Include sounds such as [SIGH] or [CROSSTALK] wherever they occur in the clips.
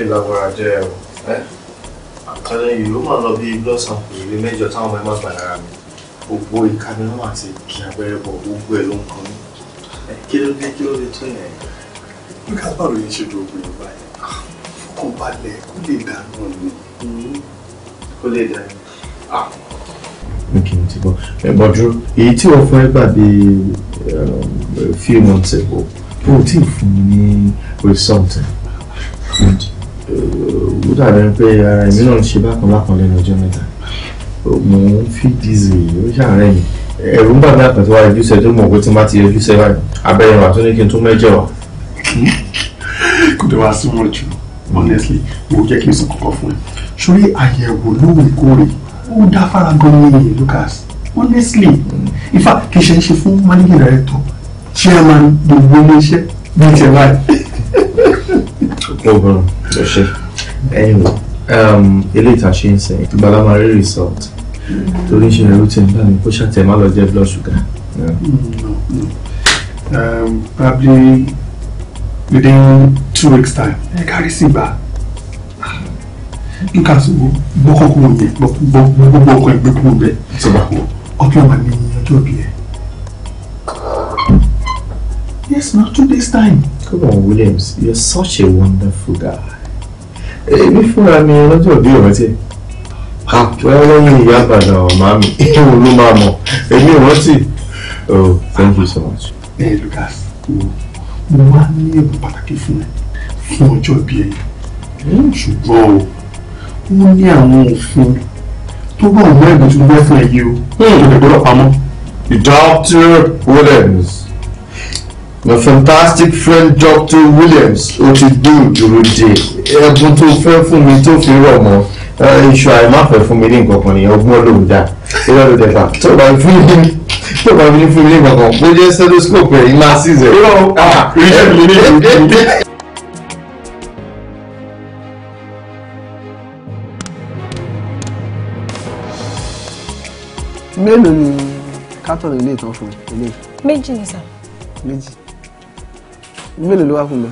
ilé ìlàgbára jẹ́ ẹ̀rọ àkàlẹ̀ yìí ó máa lọ bí blood sample ìwé mẹ́jọ táwọn ọmọ ẹ máa gbà lára mi gbogbo ìka mi náà àti kí abẹ́rẹ́ bọ̀ gbogbo ẹ̀ ló ń kan mí kí ló dé kí ló dé tó yẹn. nígbà báwo ni ṣe dùn ògùn yorùbá yẹn fọkàn balẹ̀ kó lè dànù ni hmm, kó lè dànù kí n ti bọ èyí tí wọ́n fún gbà bí um, few months ago o tí ì fún mi ní result ṣàlẹ́ pé ara èmi náà ń ṣe bákan bákan lẹ́nu ọjọ́ mẹ́ta mò ń fi dizzy ó ṣàárẹ̀ mi ẹ̀rù ń bà mí àkàtọ́ wa ẹ̀jú sẹ́ tó mọ̀ pé tí má ti ẹ̀jú sẹ́ báyìí abẹ́rẹ́ wa tó ní kí n tún mẹ́jẹ̀ wa. kò dé wá súnmọ́ jù honestly mo jẹ́ kí n sọ kọ́kọ́ fún ẹ sórí àyẹ̀wò lóòrèkóòrè ó dá fara gan ni Lucas honestly in fact kì í ṣe ń ṣe fún managing director chairman gbogbo ilé iṣẹ́ bíi tẹ̀ báyìí. ó bọ̀rọ̀ anyway um, eléyìí tá a ṣe ń sẹ́yìn ìgbàlá máa rí result torí ṣe routine bá mi kó ṣàtẹ̀ má lọ jẹ́ blood sugar. Um, probably within two weeks time ẹ kárí sí ibà nǹkan gbọ́kọ̀ kúrò mi gbogbo ọkọ̀ ẹgbẹ́ kúrò mi ọjọ́ màá ní ọjọ́ bí ẹ. Yes, now two days time. Come on, Williams. You are such a wonderful guy èmi fúnra mi lọ́jọ́ òbí ọ̀rẹ́ tiẹ̀ àpẹẹrẹ lẹ́yìn ìyá àbàdàn ọ̀má mi òun ló máa mọ̀ èmi ò rántí. oh thank you so much. ẹ ẹ Lucas mo wá ní ẹ̀bùn pàtàkì fún ẹ fún ọjọ́ ìbí ẹ ṣùgbọ́n o ó ní àwọn òfin tó bá òun ẹ̀bùn tó ń bẹ́ fún ẹ yìí o tó hmm. lè doctor Williams the fantastic friend Dr. Williams ó ti dé ìdúró dé ẹ̀bùn tó fẹ́ fún mi tó fi rọ̀ mọ́ iṣu àìmáfẹ́ fún mi ní nǹkan kan nìyẹn ọgbọ́n lòún dá irọ́ ló dẹ̀fà tó bá fún mi tó bá fún mi fún mi ní nǹkan kan bó jẹ́ stethoscope ẹ̀ ìmá sí ìzẹ̀. irọ́ ìṣe ah, ah, mi ní ìdúró. mélòó ni kátọ̀nù ilé ìtàn fún ilé. méjì ni sà. méjì mélòó ló wá fún mi.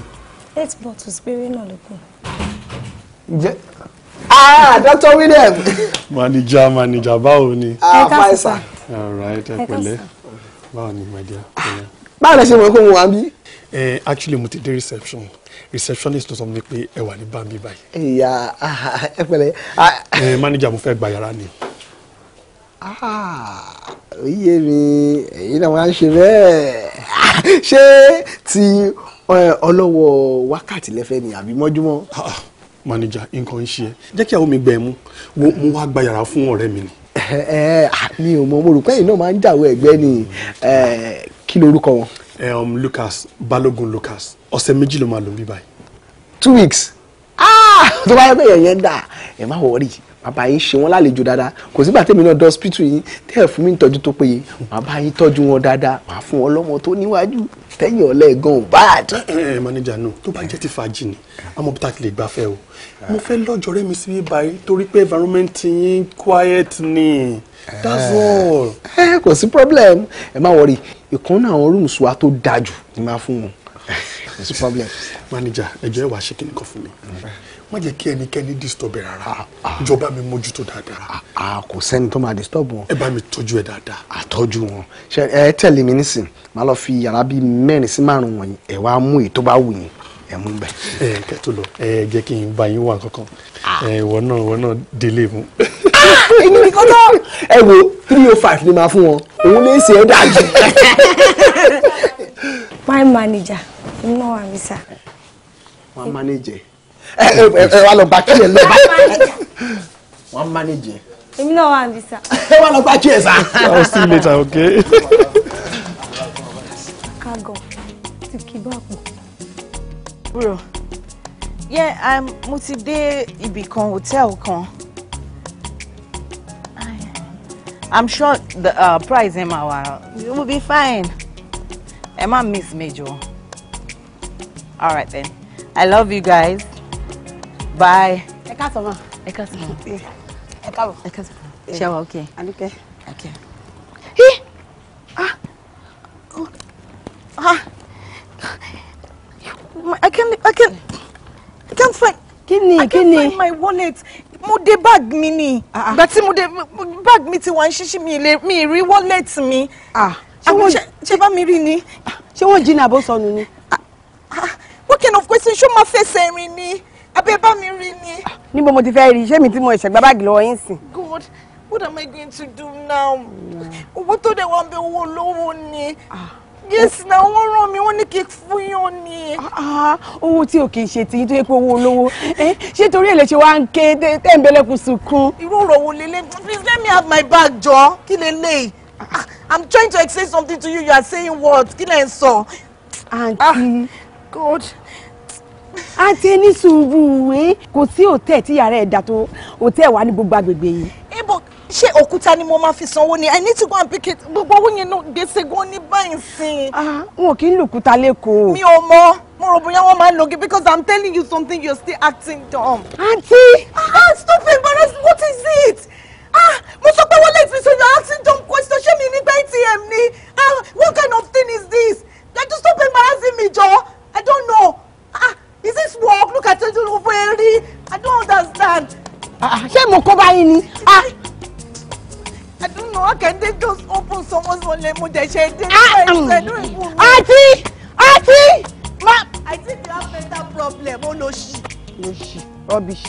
eight bottles péré náà ló kù. ǹjẹ́ ah Dr. William. [LAUGHS] manager manager báwo ni. ah fine sir. all right ẹ pẹ̀lẹ́ báwo ni my dear. báwo lẹ ṣe mọ̀ pé mo wà níbí. Eh, actually mo ti dé reception receptionist ló sọ mi pé ẹ wà ní bambi báyìí. ìyá ah, ẹ ah. eh, manager mo fẹ́ gba yàrá ni. Ah, oyè mi èyí náà máa ń ṣe bẹ́ẹ̀ ṣé ti ọlọ́wọ́ wákàtí lẹ́fẹ́ ni àbí mọ́júmọ́. manager nǹkan ń ṣe ẹ jẹ́ kí àwọn mi gbẹ mú mo wá gba yàrá fún ọ̀rẹ́ mi ni. mi ò mọ mo rò pé ẹ̀yin náà máa ń jàwé ẹ̀gbẹ́ ni kí lorúkọ wọn. um, Lucas Balogun Lucas ọ̀sẹ̀ méjì ló máa lò mí báyìí. two weeks ah, tó bá yẹ pé yẹn dà ẹ má wọrí bàbá yín ṣe wọn lálejò dáadáa kò sígbà tèmi náà dọ́sítù yín tẹ́ ẹ̀ fún mi ń tọ́jú tó péye bàbá yín tọ́jú wọn dáadáa wàá fún ọlọ́mọ tó níwájú tẹ́yìn ọ̀lẹ́gàn ò bá àdé. ẹ eh, eh, eh, manager náà tó bá jẹ́ ti fàájì ni àmọ́ bí táàkì lè gbafẹ́ o mo fẹ́ lọ́jọ́ rẹ́ mi sí bí báyìí torí pé environment yín quiet ni that's all. ẹ kò sí problem ẹ má wọrí ìkan náà àwọn rooms wa tó dáa jù ni máa fún wọn [LAUGHS] kò sí problem. manager ẹjọ́ ẹ wàá ṣe kíni kan fún mi má jẹ́ kí ẹnikẹ́ni disturb ẹ rárá ìjọba mi mójútó dáadáa. a kò sẹ́ni tó máa disturb wọn. ẹ bá mi tọ́jú ẹ dáadáa. àtọ́jú wọn ṣe ẹ tẹ̀lé mi nísìn máa lọ fi yàrá bíi mẹ́rin sí márùn-ún wọ̀nyí ẹ wá mú èyí tó bá wù yín ẹ mú bẹ. ẹ kẹtù lọ ẹ jẹ́ kí n bá yín wà kankan ẹ wọ náà wọ náà délé mu. Ah! inú mi kọ́ ẹ wo three o oh five ni màá fún wọn òun lè ṣe é dájú. my manager ìmọ̀ wà mí sá. my manager ẹ ẹ wà lọ bá kí ẹ lọ bá wọn manage ẹ. èmi náà wà níbi sá. ẹ wà lọ bá kí ẹ sá. I will see you later okay. kágọ ti kí bá bro yeah, I'm um, mo ti dé ibì kan hotel kan. I'm sure the uh, price ẹ máa wà. You will be fine. Ẹ má miss Major. Joe. All right then. I love you guys bye. ẹ káàsán ma. ẹ káàsán ma. ẹ káàbọ̀. ẹ káàsán. ṣé wa ok. Àníkẹ́. ok. hi ah oh. ah I can't I can't I can't find. kí ni kí ni. I can't find my wallet mo dé bag mi ni. ah. ah. tí mo dé bag mi ti wà ń ṣíṣí mi lè mi rí wallet mi. Ah. ṣé wọ́n ṣe bá mi rí ni. ṣé wọ́n jí ni ni. Ah, what kind of question Show my face rìn abẹ́ bá mi rí ni. Ah, níbo mo ti fẹ́ rí ṣé mi tí mo ìṣẹ̀gbá báàgì lọ́wọ́ yín sìn. God what am I going to do now? owó tó dẹ̀ wá ń bẹ owó olówó ni. Ah. yes na wọ́n rán mi wọ́n ní kí fún yàn ni. Ah, owó tí ò kì í ṣe tiyín tó yẹ pé owó olówó [LAUGHS] eh, ṣé torí èlé ṣe wá ń ké tẹ́ ń bẹ́lẹ́kùn sunkún. irú ọ̀rọ̀ wo lélẹ́ please let me have my bag jọ kí lè lè I'm trying to explain something to you you are saying what kí lè sọ. aunty God àǹtí ní sùúrù ẹ kò sí òtẹ́ tí yàrá ẹ̀ dà tó òtẹ́ wà ní gbogbo agbègbè yìí. ibo ṣé òkúta ni mo máa fi sanwó ni i need to go and pick it gbogbo owó yẹn náà gbèsè gan ní báyìí sí. wọn kì í lò òkúta lẹ́kọ̀ọ́. mi ò mọ mo rò bóyá wọn máa ń lògì because i'm telling you something you are still acting dumb. àǹtí. ah stop embarrassing what is it. ah mo sọ pé wọ́n lè fi so you're acting dumb question ṣé mi nígbà atm ni ah what kind of thing is this. I just stop embarrassing me jọ i don't know. ah is this work look at ojú ló fẹ́ rí i don't understand. Ah, ah, ṣé mo kó báyìí ni. Ah. I don't know how can they just open someone's wallet mo jẹ ṣe dé. àti àti mm. ma. I think you have mental problem o lo ṣi. lo ṣi rubbish.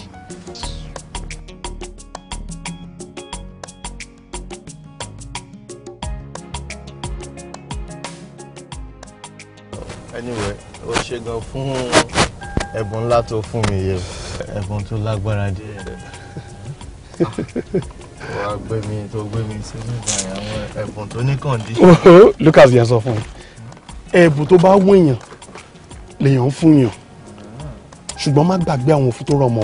anyway o ṣe gan fún ẹ̀bùn ńlá tó fún mi yẹ ẹ̀bùn tó lágbára díẹ̀ wàá gbé mi tó gbé mi sí nígbà àwọn ẹ̀bùn tó ní kọ̀ǹdíṣọ̀n. Lucas yẹn sọ fún mi ẹ̀bùn tó bá wọ èèyàn lèèyàn ń fún yàn ṣùgbọ́n má gbàgbé àwọn òfin tó rọmọ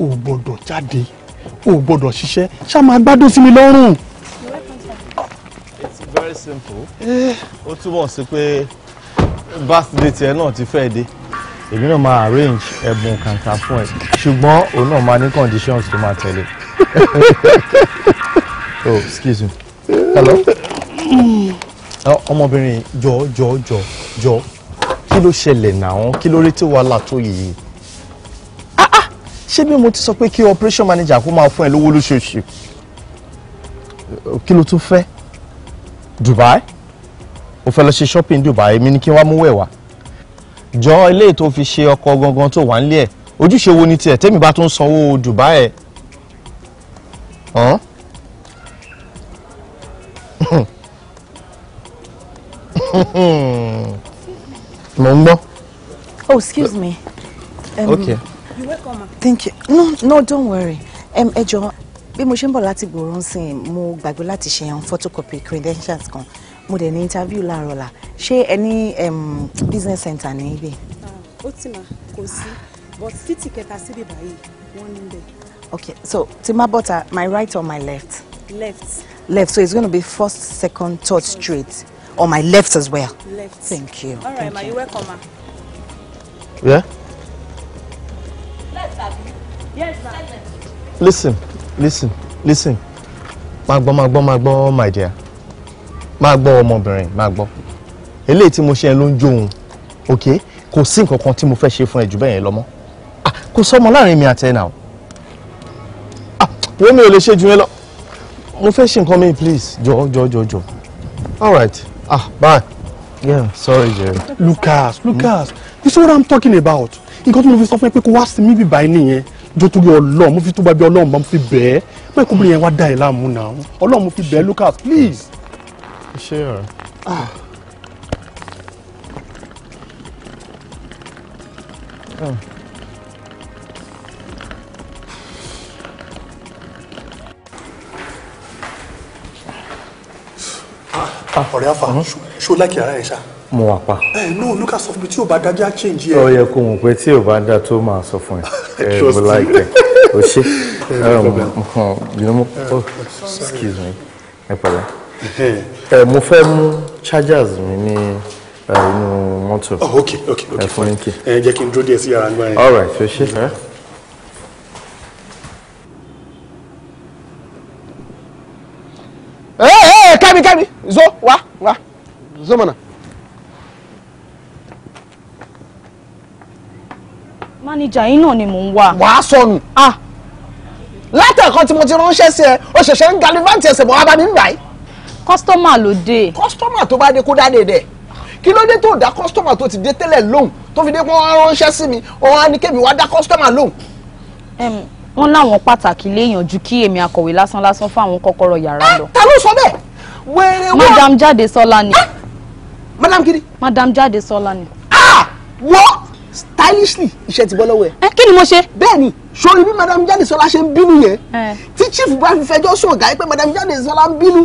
o gbọ́dọ̀ jáde o gbọ́dọ̀ ṣiṣẹ́ ṣá máa gbádùn sí mi lọ́rùn. it's very simple ó túbọ̀ sí pé birthday tiẹ̀ náà ti fẹ́ dé èmi náà máa arrange ẹ̀bùn kàǹkà fún ẹ ṣùgbọ́n òun náà máa ní conditions tó máa tẹ̀lé [LAUGHS] oh excuse me hello ọmọbìnrin jọ jọ jọ jọ kí ló ṣẹlẹ̀ náà kí ló rí tí wàhálà tó yìí ah, ah, ṣé bí mo ti sọ pé kí operation manager kó máa fún ẹ lówó lóṣooṣù kí ló tún fẹ́ Dubai o fẹ́ lọ ṣe shopping Dubai èmi ni kí n mú wẹ̀ wá jọ eléyìí tó fi ṣe ọkọ gangan tó wà nílé ẹ ojúṣe wo ni tiẹ̀ tèmi bá tún sanwó Dubai ẹ. mo ń gbọ́. oh excuse me. Um, okay. you welcome ma. thank you no no don't worry um, ẹ jọ bí mo ṣe ń bọ̀ láti gbòòrò ń sìn mo gbàgbé láti ṣe àwọn photocopy credentials kan mo dẹ̀ ní interview láàárọ̀ la ṣé ẹ ní business center ní ibẹ̀. Ah, ó ti mà kò sí but títì kẹta síbi báyìí wọ́n ní bẹ́ẹ̀. okay so ti ma bọ́ta my right or my left. left. left so it's gonna be first second third straight on my left as well. left thank you. all right ma you welcome ma. Yeah? Left, Abby. Yes, ma. Listen, listen, listen. Magbo, magbo, magbo, my dear máa gbọ́ ọmọbìnrin máa gbọ́ eléyìí tí mo ṣe ló ń jó òun ok kò sí nǹkan kan tí mo fẹ́ ṣe fún ẹ jù bẹ́ẹ̀ yẹn lọ mọ́ ah kò sọmọ láàrin mi àti ẹ náà ah wo mi ò lè ṣe jù yẹn lọ mo fẹ́ ṣe nǹkan mi please jọ jọ jọ jọ all right ah bye yeah sorry jerry. lucas lucas mm. you see what i'm talking about nǹkan tí mo fi sọ fún ẹ pé kó wá sí mi bíbá ẹ nìyẹn jótórí ọlọ́ọ̀ mo fi túbọ̀ bí ọlọ́ọ̀ mo fi bẹ̀ẹ́ mẹ́kúnbìnrin yẹn wá dá ẹ láàmú náà ọlọ́ọ̀ mo fi bẹ̀ẹ́ lucas please ṣé ọ̀rọ̀. Ah. Oh. Ah, ọ̀rẹ́ afa ṣó láìkí ara ẹ̀ ṣá. mo wà pa. ẹ eh, no luka sọ fún mi tí o bá dájá change ẹ. ó yẹ kó mọ̀ pé tí o bá dá tó máa sọ fún ẹ [LAUGHS] eh, ẹ bó láìpẹ́ o ṣe excuse me ẹ pẹ̀lẹ́ mo fẹ́ mú chargers mi ní inú mọ́tò. Oh, ok ok ok fine ẹ jẹ́ kí n dúró díẹ̀ sí yàrá gbá yẹn. all right ṣe ṣe kẹ́mi kẹ́mi zo wa wa zo mana mánìjà yín náà ni mò ń wá. wàá sọnù. Ah. látẹ̀kọ́ tí mo ti ránṣẹ́ sí ẹ o ṣẹ̀ṣẹ̀ ń galivanti ẹsẹ̀ bọ̀ wá bá mi yìí kọ́sítọ́mà ló dé. kọ́sítọ́mà tó bá dé kó dáadé dẹ̀ kí ló dé tó dá kọ́sítọ́mà tó ti dé tẹ́lẹ̀ lóhùn tó fi dé pé wọ́n ránṣẹ́ sí mi ọ̀hún anikẹ́mi wá dá kọ́sítọ́mà lóhùn. wọ́n láwọn pàtàkì léèyàn ju kí èmi akọ̀wé lásán lásán fáwọn kọ́kọ́rọ́ yàrá ah, lọ. ta ló sọ bẹ́ẹ̀ wèrè wọn. madam jáde sọlá ni. Ah, madam kiri. madam Jade sọlá ni. ah wọ́n stylishly iṣẹ́ ti bọ́ lọ́wọ́ ẹ̀. ẹ eh, kí ni mo ṣe. bẹ́ẹ̀ni sori bí madam jáde sọlá ṣe ń bínú yẹn eh. tí chief bá fi fẹjọ́ sùn ọ̀gá yìí pé madam jáde sọlá ń bínú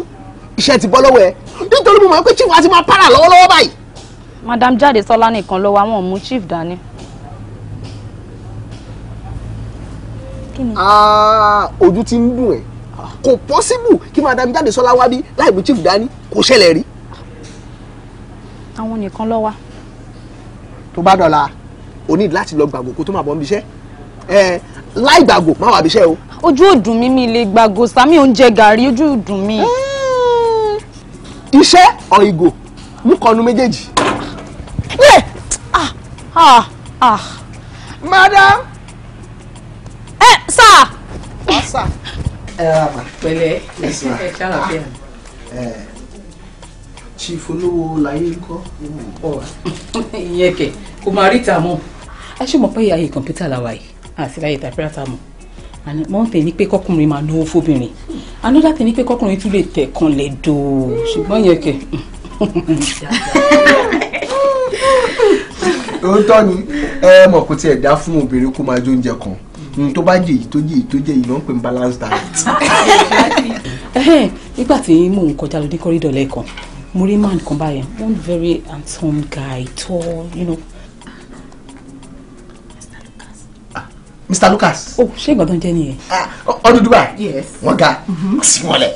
iṣẹ́ ti bọ́ lọ́wọ́ ẹ nítorí mo mọ̀ pé chief àti máa para lọ́wọ́lọ́wọ́ báyìí. madam jáde sọlá nìkan ló wà wọn mú chief dání. Ah, ojú ti ń dùn ẹ kò pọ́síbù kí madam jáde sọlá wá bí láì mú chief dání kò ṣẹlẹ̀ rí. àwọn nìkan ló wà. tó bá dọ̀la o ní láti lọ gbàgbọ́ kó tó máa bọ̀ ń bíṣẹ́ láì gbàgbọ́ má wà bíṣẹ́ o. ojú ò dùn mí mi lè gbàgbọ́ sami oúnjẹ gàrí ojú ò dùn mí. Eh, iṣẹ́ ọ̀ ìgò mú kọnu méjèèjì. Ah, ah, ah. madam. ẹ sà. wá sà. ẹ ra mà. pẹ̀lẹ́ ẹ ṣàlàyé. Eh, chief olówó láyé ń kọ́. ìyẹn kẹ kò máa rí tààmú. ẹ ṣe mọ̀ pé ìyá yìí kọ̀ǹpútà làwà yìí àti láyé tàbí rà tààmú and one thing ni pé kọkùnrin máa lówó fóbìnrin another thing ni pé kọkùnrin tún lè tẹ̀ kan lẹ̀ dòó ṣùgbọ́n yẹn kẹ̀. òótọ́ ni ẹ mọ̀ kó tiẹ̀ dá fún obìnrin kó máa jó oúnjẹ kan tó bá jẹ èyí tó jẹ èyí tó jẹ èyí ló ń pè ní balanced diet. nígbà tí mò ń kọjá lọ ní kọ́rídọ̀ lẹ́ẹ̀kan mo rí man kan báyẹn one very handsome guy tall you know, Mr. Lucas. Oh, ṣé ìgbà tó ń jẹ́ nìyẹn. Ah, ọdún Dubai. Yes. Wọ́n ga. Mhm. Sí wọlé.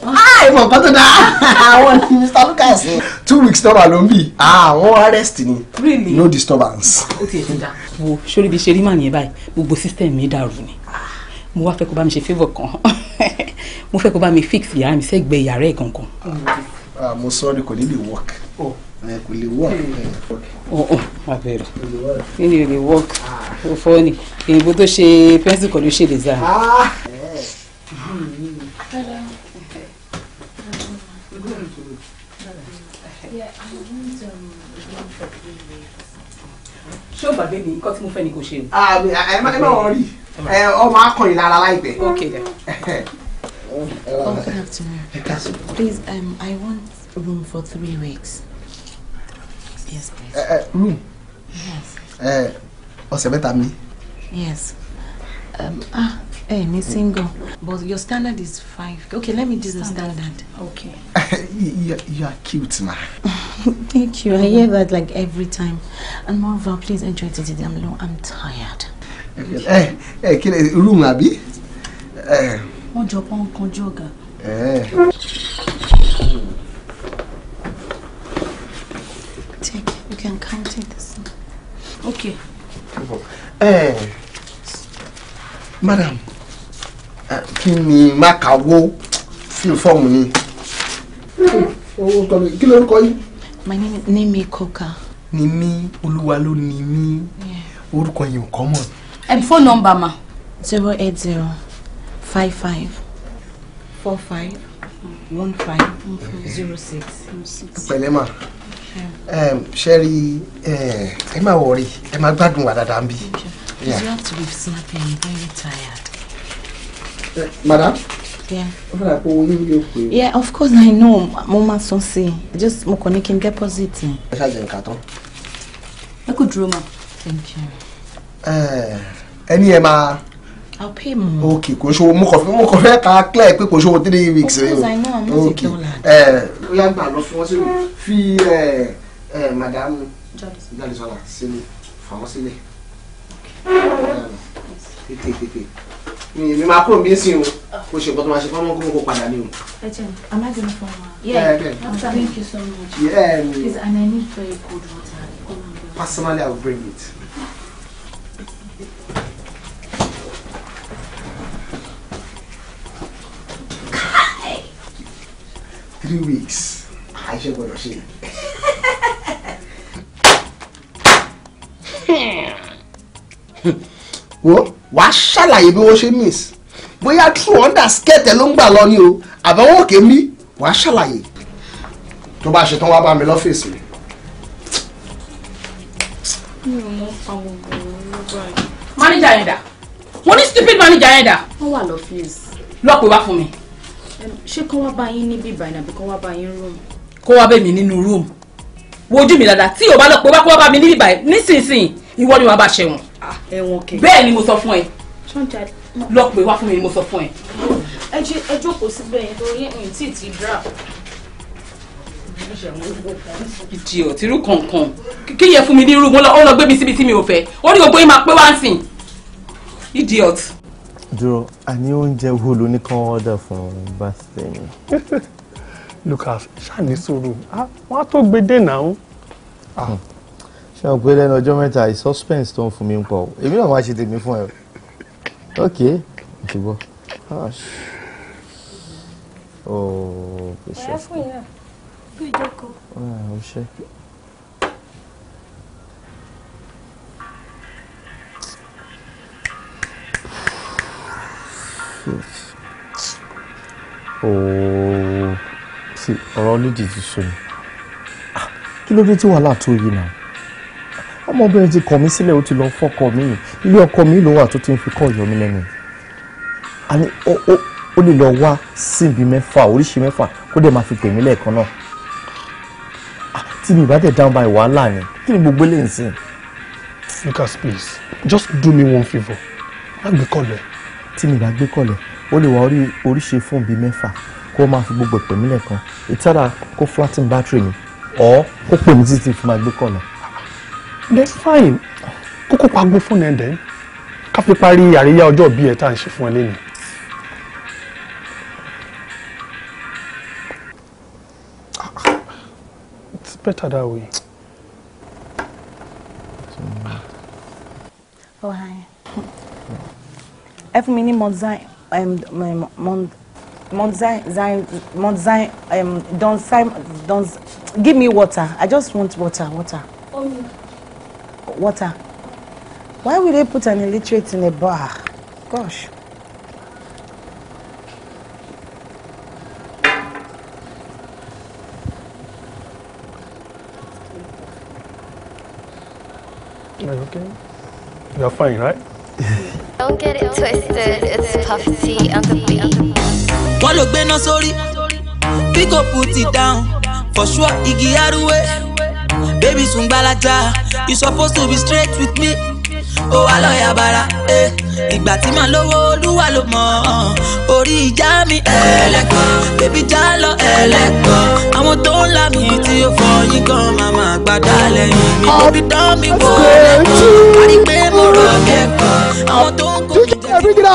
Ẹ mọ̀ nǹkan tó dáa. [LAUGHS] Àwọn ni Mr. Lucas. Two weeks náà wà ló ń bì. Àwọn ah, arrest ni. Really? No disturbance. Ó ti ẹ̀sìn dá. Wo sórí bí ṣe rí màní ẹ̀ báyìí, gbogbo system mi dàrú ni. Mo wá fẹ́ kó bá mi ṣe favour kan. [LAUGHS] Mo fẹ́ kó bá mi fix yàrá mi sẹ́gbẹ̀ẹ́ yàrá ẹ̀ gangan. Ah, mo sọ ni kò ní lè work. Oh. Eh, kò lè oh, oh, ah! ṣé o gbàgbé ni nǹkan tí mo fẹ́ ni kò ṣe o. Ah, ẹ má wọ rí ọmọ akọrin lára láìpẹ́. okay then. [LAUGHS] Oh, good afternoon. Please, um, I want room for three weeks. Yes, please. Uh, eh, uh, eh, me? Yes. Uh, ọ̀sẹ̀ mẹ́ta mi. Yes. Um, ah, hey, me single. But your standard is five. Okay, let me do standard. the standard. Okay. [LAUGHS] you, you are cute, ma. [LAUGHS] Thank you. I hear that like every time. And moreover, please enjoy today. I'm low. I'm tired. Hey, hey, kí ni room àbí? Wọ́n jọ pọ́n kan jọ̀gà. Okay. Eh, madam, eh, kí ni Mákàwó fill form ni? Owó kan kí ló ń kọ yín? My name is Nimi Koka. Nimi Olúwa ló ní mí. Orúkọ yẹn ò common. And eh, phone number ma? zero eight zero five five four five one five zero six. Pẹ̀lẹ́ ma ṣe rí ẹ má wọrí ẹ má gbádùn wà dáadáa bí. you have to be snapping very tired. Eh, madam. Yeah. Yeah, of course I know. Mo máa san sí. Just mo kàn ní kí n deposit. Ẹ ṣáàjẹ̀ nǹkan tán. Ẹ kò dúró ma. Thank you. Ẹni ẹ máa. I'll pay more. Okay, kò ṣòwò mo kàn fẹ́ mo kàn fẹ́ ká clear pé kò ṣòwò three weeks. Of course I know I'm not okay. a girl. Ẹ ó yá gbà lọ fún wọn sílẹ̀ fi ẹ ẹ madam Jádesọ́lá sílẹ̀ fà wọ́n sílẹ̀. Tètè tètè mi mi máa kúrò bí n sìn o o ṣe nǹkan tó máa ṣe fọ́nmọ́ kó mo kó padà ní o. Ẹ jẹ́ am I gonna fall down? Yeah, yeah, yeah. Thank you so much. Yeah. Please and I need very cold water. Oh Personally I will bring it. three weeks àìṣe gbọ́dọ̀ ṣe. wo wà á ṣàlàyé bí wọ́n ṣe miss bóyá true underskirt ẹ ló ń gbà lọ ni o àbẹ̀wò òkè mi wà á ṣàlàyé tó bá ṣe tán wá bá mi lọ́fíìsì mi. ò mọ pa gbogbo owó báyìí. manager yẹn dà mo ní stupid manager yẹn dà. wọ́n wà lọ́fíìsì. lọ́ọ̀ pé wá fún mi ṣé kọ́ wá bá yín níbí ìbànú àbí kọ́ wá bá yín rúùmù. kó wá bẹ̀ mí nínú rúùmù wojú mi dáadáa tí o bá lọ pé wá kó wá bá mi níbí ìbànú nísinsìnyí ìwọ ni wàá bá ṣẹ̀wọ̀n. Ah, ẹ̀wọ̀n kẹ. bẹ́ẹ̀ ni mo sọ fún ẹ lọ pé wá fún mi ni mo sọ fún ẹ. ẹ jókòó síbẹ̀ yẹn torí ẹ̀yìn tí ì ti dra ìdí ò tìrú kankan kí yẹ fún mi ní irú mo lọ ó lọ gbé mi síbi tí mi ò fẹ́ ó ní gbogbo yín máa pé wá ń sìn idiot. Duro, a ní oúnjẹ wo ló ní kán ọ́dà fún birthday mi. Lucas ṣàní sùúrù wọn á tó gbé dènà ó. Hmm. ṣé o pé lẹ́nu ọjọ́ mẹ́ta yìí suspense tó ń fún mi ń pọ̀ èmi náà máa ṣe tèmi fún ẹ ok ṣùgbọ́n ooo kò ṣe fún mi. ẹ fún ìyá gbé ooo oh, sí ọ̀rọ̀ lójì ti sọ mi ah, kí ló dé tí wàhálà tó yìí náà ọmọbìnrin ti kọ̀ mí sílẹ̀ ó ti lọ fọ́kọ mi ilé ọkọ mi ló wà tó ti ń fi kọ́ ọ̀yọ́ mi lẹ́nu àní ó lè lọ wá síbi mẹ́fà oríṣi mẹ́fà kó dẹ̀ máa fi pè mí lẹ́ẹ̀kan náà ah, tí mi ìbá dẹ̀ dáhùn báyìí wàhálà ni kí ni gbogbo eléyìí ń sìn. Lucas please just do me one favour má gbé kọ́ lẹ̀ tí mi bá gbé kọ̀lẹ̀ ó lè wá orí oríṣi fóònù bíi mẹ́fà kó máa fi gbogbo ẹ̀pẹ̀ mílẹ̀ kan ìtara kó flatten battery mi ọ̀ kó pè mí títí fi máa gbé kọ̀lẹ̀. then fine kókó pa gbé fóònù ẹ̀ dẹ́n ká fi parí àríyá ọjọ́ bíi ẹ̀ tá à ń ṣe fún ẹ lẹ́nu. it's better that way. Oh, hi ẹ fún mi ní mount zion um, um, mount mount um, don simon don give me water i just want water water water why would they put an illiterate in a bar gosh. Are you okay? You're fine, right? [LAUGHS] Don't get it twisted, it's puffy T on the beat. Wọ́n ló not sorry. We go put it down, for sure out Igi way. Baby Sungbalaja, you supposed to be straight with me. ó wá lọ́ọ̀yà bara eh. ìgbà tí màá lówó olúwa ló mọ̀ orí ìjà mi ẹlẹ́kọ̀ bébí já lọ ẹlẹ́kọ̀ àwọn tó ń la mi tí ó fọ yín gan màmá gbàdá lẹ́yìn mi orí oh, dán mi wò lẹ́kọ̀ọ́ parí pé mo rọ̀ kẹ́kọ̀ọ́ àwọn tó ń kó mi jẹ́.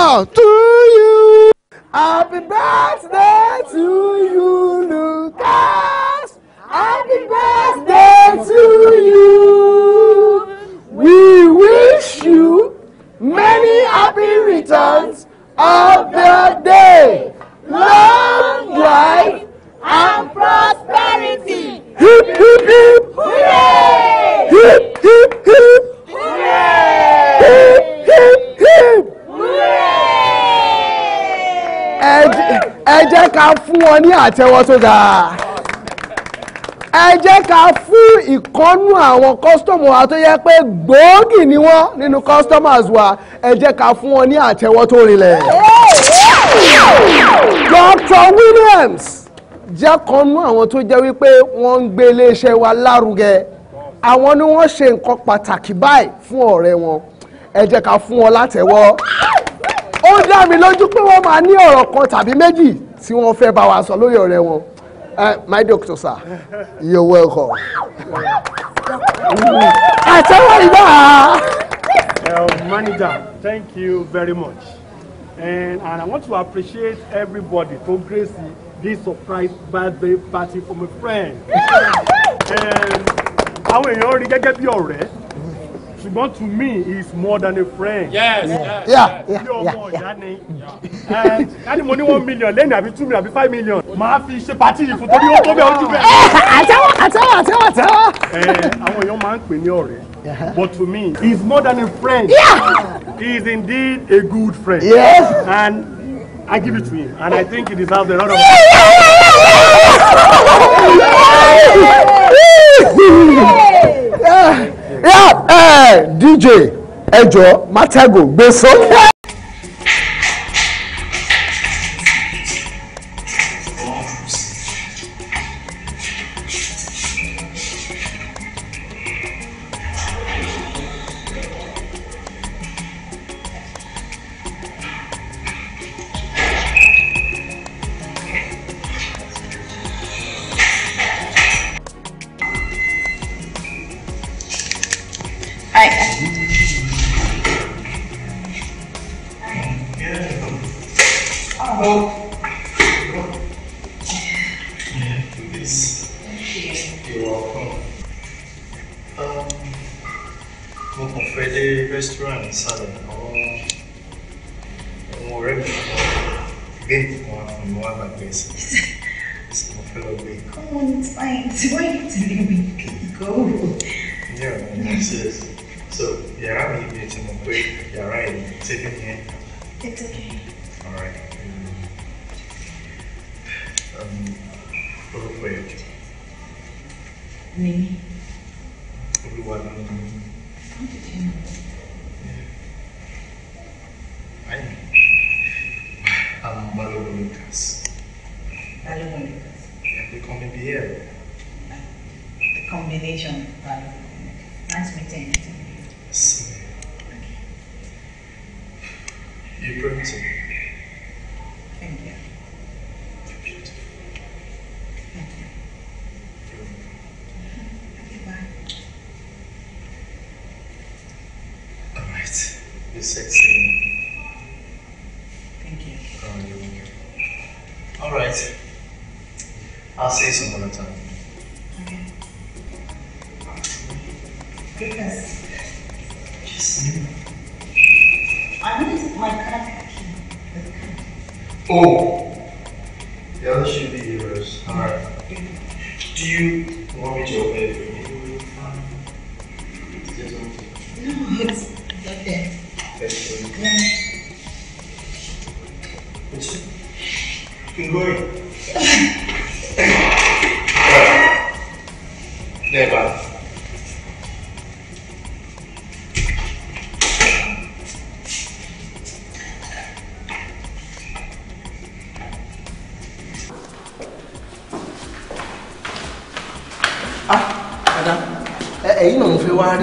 Happy birthday to you, Lucas! Happy birthday to you! We will you many happy returns of the day. Long life and prosperity. Hip, hip, hip. Hooray! Hip, hip, hip. Hooray! Hip, hip, hip. Hooray! Ẹ jẹ́ ká fún wọn ní àtẹ́wọ́ sódà ẹ jẹ́ ká fún ìkọ́nú àwọn kọ́sítọ́mù wa tó yẹ pé gbòógì ni wọ́n nínú kọ́sítọ́màs wa ẹ jẹ́ ká fún wọn ní àtẹ́wọ́ tó rinlẹ̀. Dr. Williams jẹ́ kọ́nú àwọn tó jẹ́ wípé wọ́n ń gbé iléeṣẹ́ wa lárugẹ àwọn ni wọ́n ṣe nǹkan pàtàkì báyìí fún ọ̀rẹ́ wọn ẹ jẹ́ ká fún wọn látẹ́wọ́ ó dá mi lójú pé wọ́n máa ní ọ̀rọ̀ kan tàbí méjì tí wọ́n fẹ́ bá wa sọ lórí ọ̀rẹ́ wọn. Eh, my doctor, sir, you're welcome. uh, manager, thank you very much. And, and I want to appreciate everybody to grace this surprise birthday party for my friend. [LAUGHS] and àwọn èèyàn rí gẹ́gẹ́ bí ọ̀rẹ́ ṣùgbọ́n to me he is more than a friend. yes yes yes bí ọmọ ọ̀yá ni ẹni mo ní one million lẹ́nu àbí two million àbí five million màá fi ṣe pàtí yìí fún torí ó tó bẹ́ẹ̀ ó jù bẹ́ẹ̀. Eh, àtẹ́wọ́ àtẹ́wọ́ àtẹ́wọ́ àtẹ́wọ́. Eh, àwọn èèyàn máa ń pè ní ọ̀rẹ́ uh-huh. but to me he is more than a friend yeah. he is indeed a good friend yes. and I give it to him and I think he deserves a lot of. yeah yeah, hey, eh, DJ ẹjọ matago gbé sókè.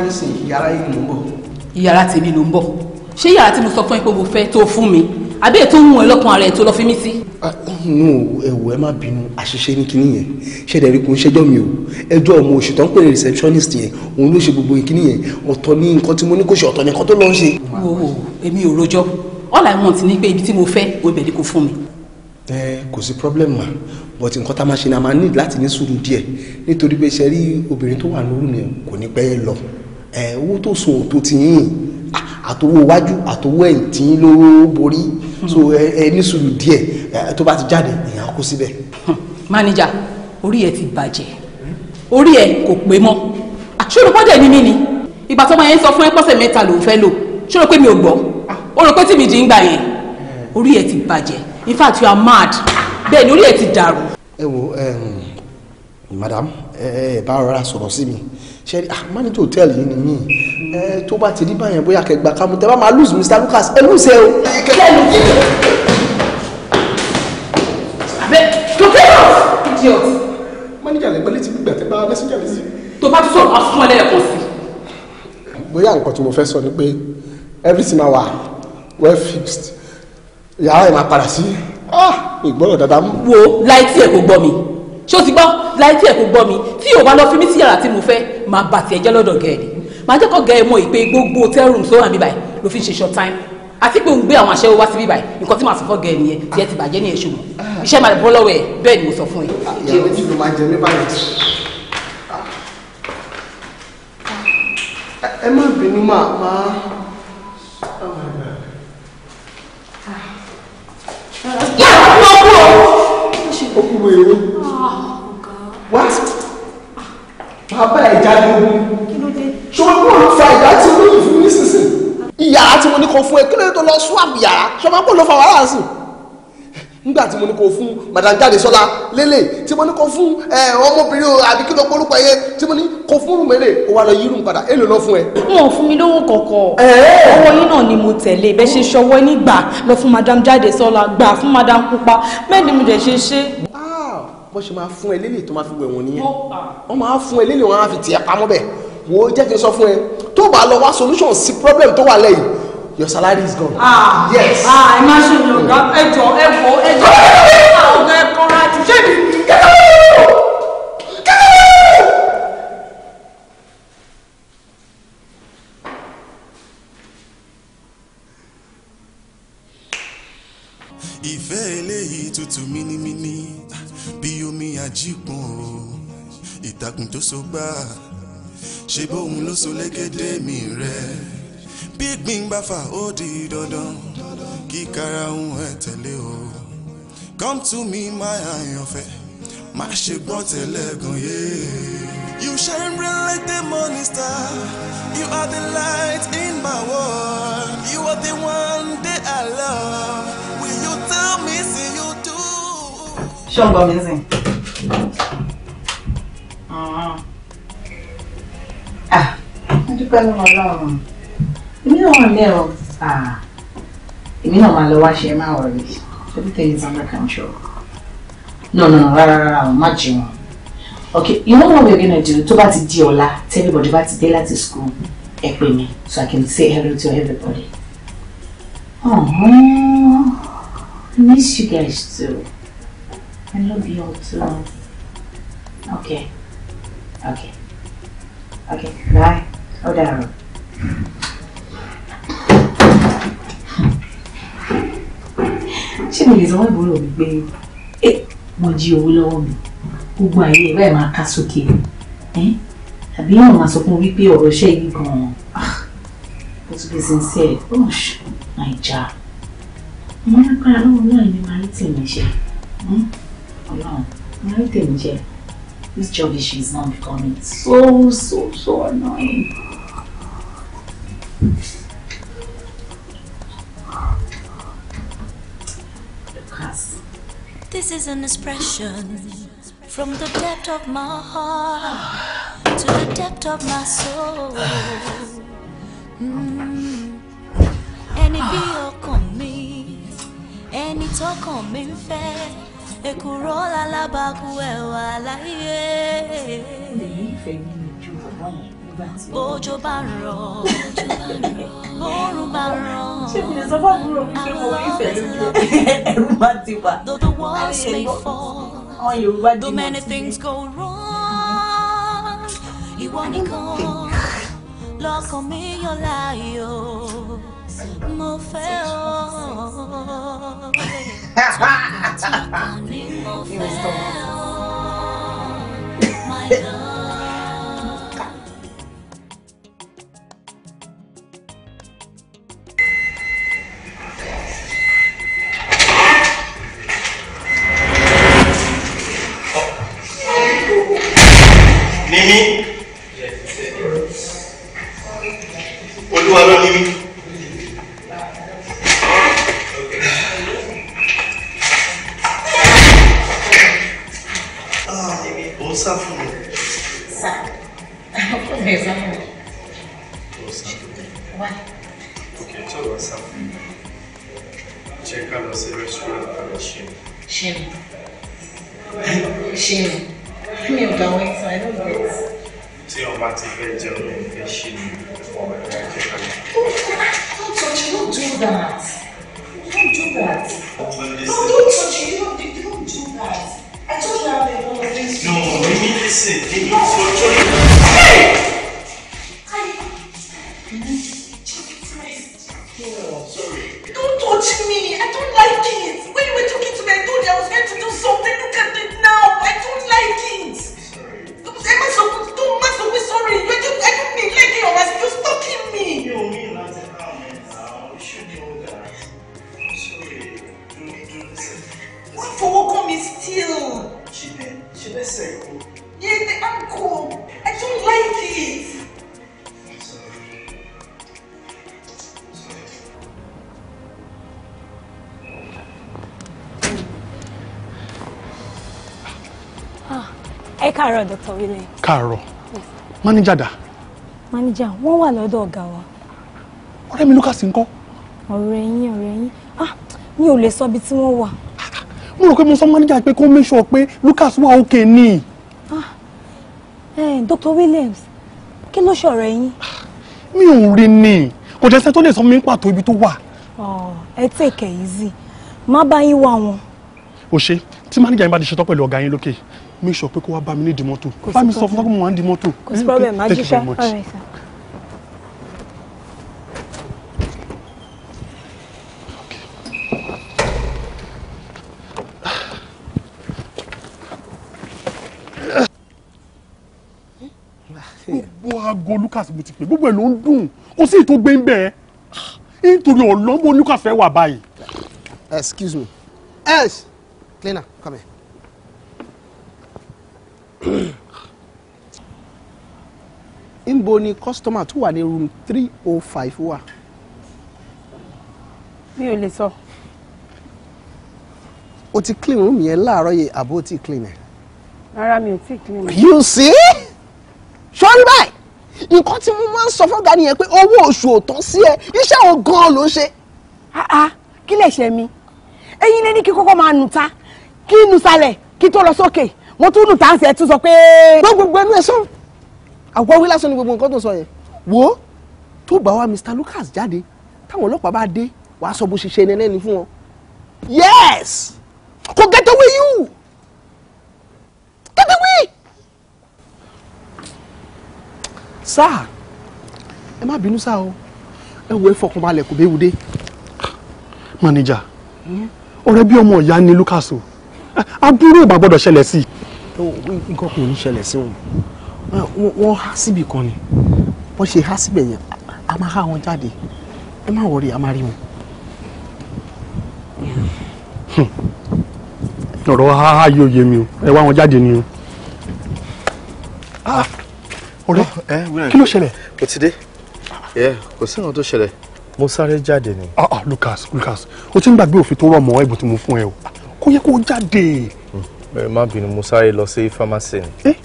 dé sìn yàrá yìí ló ń bọ̀. yàrá tèmi ló ń bọ̀ ṣé yàrá tí mo sọ fún ẹ pé mo fẹ́ tó fún mi àbí ètò ń wọn lọ́kàn ara ẹ̀ tó lọ fi mí sí. Ah, nù ẹwọ ẹ má bínú àṣìṣe ní kinní yẹn ṣẹdẹrí kò ń mi o ẹjọ́ ọmọ oṣù tó ń pè ní receptionist yẹn òun ló ṣe gbogbo kinní yẹn ọ̀tọ̀ ní nǹkan tí mo ní kó ṣe ọ̀tọ̀ ní nǹkan tó lọ ń ṣe. wo èmi ò rojọ́ all i want ni pé ibi tí mo fẹ́ ibẹ̀ ni kò fún mi. ẹ kò sí problem ma but nǹkan tá a máa ṣe ni a máa ní láti ní sùúrù díẹ̀ nítorí pé ṣe rí obìnrin tó wà lórí yẹn kò ní pẹ́ lọ ẹ owó tó so òtó ti yín ah, àtòwó iwájú àtòwó ẹ̀yìn tí yín ló borí so ẹ ní sùúrù díẹ̀ tó bá ti jáde èèyàn kó síbẹ̀. mánìjà orí ẹ ti bàjẹ́ orí ẹ kò pé mọ́ ah, ṣòro pọ́dẹ̀ ni mí ni ìgbà tó máa yẹn sọ fún ẹ pọ́sẹ̀ mẹ́ta lòún fẹ́ lò ṣòro pé mi ò gbọ́ ó ah, rò pé tí mi di ń gbà yẹn orí ẹ ti bàjẹ́ in fact you are mad bẹ́ẹ̀ ni orí ẹ ti dàrú. ẹ wo madam ẹ bá rọra sọ̀rọ̀ sí mi ṣe rí ah manager hotel yìí ni mí ẹ tó bá ti rí báyẹn bóyá kẹgbà kámú tẹ bá máa lose Mr. Lucas ẹ lose o. kẹlẹ ní kíkẹ. abẹ tó tẹ ọ idiot. manager lẹgbẹ létí gbígbà tẹ bá mẹsẹjà létí. tó bá tún sọ̀rọ̀ asún ẹlẹ́ẹ̀kan sí. bóyá nǹkan tí mo fẹ́ sọ ni pé everything ma wà well fixed yàrá ẹ̀ máa padà sí ìgbọ́rọ̀ ah, dáadáa mú. wo láì tí ẹ̀ kò gbọ́ mi ṣó ti gbọ́ láì tí ẹ̀ kò gbọ́ mi tí o bá lọ fi mí sí yàrá tí mo fẹ́ máa bà tiẹ̀ jẹ́ lọ́dọ̀ gẹ̀ẹ́dì máa jẹ́ kó gẹ̀ẹ́ mọ̀ ìpè gbogbo hotel room tó wà mí báyìí ló fi ń ṣe short time àti pé òun gbé àwọn aṣẹ́wó wá síbí báyìí nǹkan tí màá sọ fọ́ gẹ̀ẹ́ nìyẹn tiẹ̀ ti bàjẹ́ ní èṣù mọ́ iṣẹ́ máa bọ́ lọ́wọ́ ẹ̀ bẹ́ẹ̀ ni mo sọ fún ẹ. ìyàwó tí ló máa jẹ ní báyìí. ẹ má bínú máa máa. yàrá kúrò kúrò. ó wá máa bá ẹ̀ jáde ogun ṣùgbọ́n kí wọ́n fa ìyá tí olóyè fún mi sísìn ìyàrá tí mo ní kó fún ẹ kí ló dé tó lọ swap yàrá ṣọmọ kó ló fa wàhálà sí nígbà tí mo ní kó fún madam jáde sọlá lélẹ̀ tí mo ní kó fún ẹ eh, ọmọbìnrin àbí kí ló polúkọ yẹ tí mo ní kó fún rúmẹ lè ó wà lọ yí rúm padà èlò lọ fún ẹ. wọn ò fún mi lówó kọ̀ọ̀kan ọwọ́ eh! yín náà ni mo tẹ̀lé bẹ́ẹ̀ ṣe ṣọwọ́ nígbà lọ fún madam jáde sọlá gbà fún madam pupa bẹ́ẹ̀ ni mo dẹ̀ ṣe ṣe bọ́ ṣe máa fún ẹ tó máa fi wẹ̀ wọ́n nìyẹn wọ́n máa fún ẹ lélẹ̀ á fi tiẹ̀ pamọ́ bẹ̀ wò ó jẹ́ kí n sọ fún ẹ tó bá lọ wá solution sí problem tó wà lẹ́yìn your salary is gone. ah yes. ah ẹ má ṣe yàn ọ̀gá ẹjọ ẹfọ ẹjọ ẹfọ ẹkọ rà ti ṣé ìfẹ́ eléyìí tutù mínímíní bí omi àjípọn o ìtàkùn tó so gbà ṣe bóun ló so lẹ́gẹ́dẹ́ mi rẹ bí gbìngbàfà ó di dandan kí kára òun tẹ̀lé o come to me my àyànfẹ́ má ṣe gbọ́ tẹ̀lé gan yé. you shine bright like the morning star you are the light in my world you are the one that I love will you tell me see you ṣé ń gbọ́ mi sìn. wọ́n dúpẹ́ lọ́wọ́ ọlọ́run èmi náà You know o èmi náà máa lọ wá ṣe máa wọ̀ everything is under control no no no, no, no, no. jẹun okay you know what we're gonna do To bá to Diola. Tell everybody bá ti dé láti school ẹ me so I can say hello to everybody. Oh, I miss you guys too. I love you too. Okay. Okay. Okay. Bye. Ó dàárọ̀. Ṣé mi lè sọ wọ́n ìbúrò mi pé ẹ wọ́n jí owó lọ́wọ́ mi? Gbogbo ayé ẹ̀ báyìí máa ká sókè ni. Àbí wọ́n máa sọ fún mi wípé ọ̀rọ̀ iṣẹ́ yìí gan-an. Ah, ó tún bí sincere. Gosh, my job. Mo máa ń kára lọ́wọ́ náà ní Maritì mi ṣe. Hmm? Now, Marita Nje, this job issue is now becoming so, so, so annoying. Lucas. This is an expression from the depth of my heart to the depth of my soul. Mm. Ẹni bí ọkàn mi, ẹni tọ́kàn mi ń fẹ́ èkùrọ́ lálábàákú ẹ̀ wà láyé. bójò bá ń rọ̀ bóòrùn bá ń rọ̀ àwọn ọ̀fẹ́ ti lọ. ẹ̀rù máa ti wà. though the walls many things go wrong ìwọ nìkan lọ́kàn mi yọ láàyò mo fẹ́ ọ́ he was so. mánìjà dà. mánìjà wọ́n wà lọ́dọ̀ ọ̀gá wa. ọ̀rẹ́ mi Lucas ńkọ́. ọ̀rẹ́ yín ọ̀rẹ́ yín ah mi ò lè sọ ibi tí wọ́n wà. mo rò pé mo sọ mánìjà pé kó make pé Lucas wà okay ni. ah eh, Dr. Williams kí ló ṣọ̀rọ̀ yín. mi ò rí ni kò jẹ́ sẹ́ tó lè sọ mi ń pàtó ibi tó wà. ẹ tèkẹ́ easy má bá yín wá wọn. o tí mánìjà yín bá ti ṣetán pẹ̀lú ọ̀gá yín lókè make sure pé kó wá bá mi ní di mọ́tò bá mi sọ fún fọ́kùnmọ́ wọn di mọ́tò. kò sí problem má jíṣẹ́ ọ̀rẹ́ gbogbo Lucas mo ti pè gbogbo ẹ̀ ló ń dùn kò sí ìtò gbé ń bẹ́ẹ̀ nítorí ọ̀lọ́mọ Lucas fẹ́ wà báyìí. excuse me. else cleaner come here. níbo ni customer tó wà ní room three oh five wà. mi ò lè sọ. o ti clean room yẹn láàárọ̀ yẹn àbó o ti clean ẹ̀. rárá mi ò tí clean. you see ṣọ́rí báyìí nǹkan tí mo máa ń sọ fún gani yẹn pé owó oṣù ò tán sí ẹ iṣẹ́ àwọn gan-an ló ń ṣe. kí lè ṣe mi ẹ̀yin lè ní kí kókó máa nù ta kí nù sálẹ̀ kí tó lọ sókè mo tún nù tá à ń tún sọ pé. gbogbo ẹnu ẹ̀ sọ́run àwọwí lásán ni gbogbo nǹkan tó sọ yẹn wo tó bá wa Mr. Lucas jáde táwọn ọlọ́pàá bá dé wàá sọ bó ṣe ṣe ẹnẹlẹ́ni fún wọn yes kò get away you get away sáà ẹ má bínú sáà o ẹ wo ẹ fọkànbalẹ̀ kò béwu dé. manager hmm? ọ̀rẹ́ bí ọmọ ìyá ni Lucas o aburú ò bá gbọ́dọ̀ ṣẹlẹ̀ sí i. nǹkan kò ní ṣẹlẹ̀ sí òun wọ́n há síbi kan ni wọ́n ṣe há síbẹ̀ yẹn a máa há wọn jáde ẹ má wọrí a máa rí wọn. ọ̀rọ̀ háhá yóò yé mi o ẹ wá wọn jáde ni o. Ah, ọ̀rẹ́ eh, kí ló ṣẹlẹ̀. kò ti dé kò sí àwọn tó ṣẹlẹ̀. mo sáré jáde ni. Ah, ah, Lucas Lucas o ti ń gbàgbé òfin tó rọ̀ mọ́ ẹ̀bùn tí mo fún ẹ o kó yẹ kó jáde. Hmm, má bínú mo sáré lọ sí pharmacy. Eh,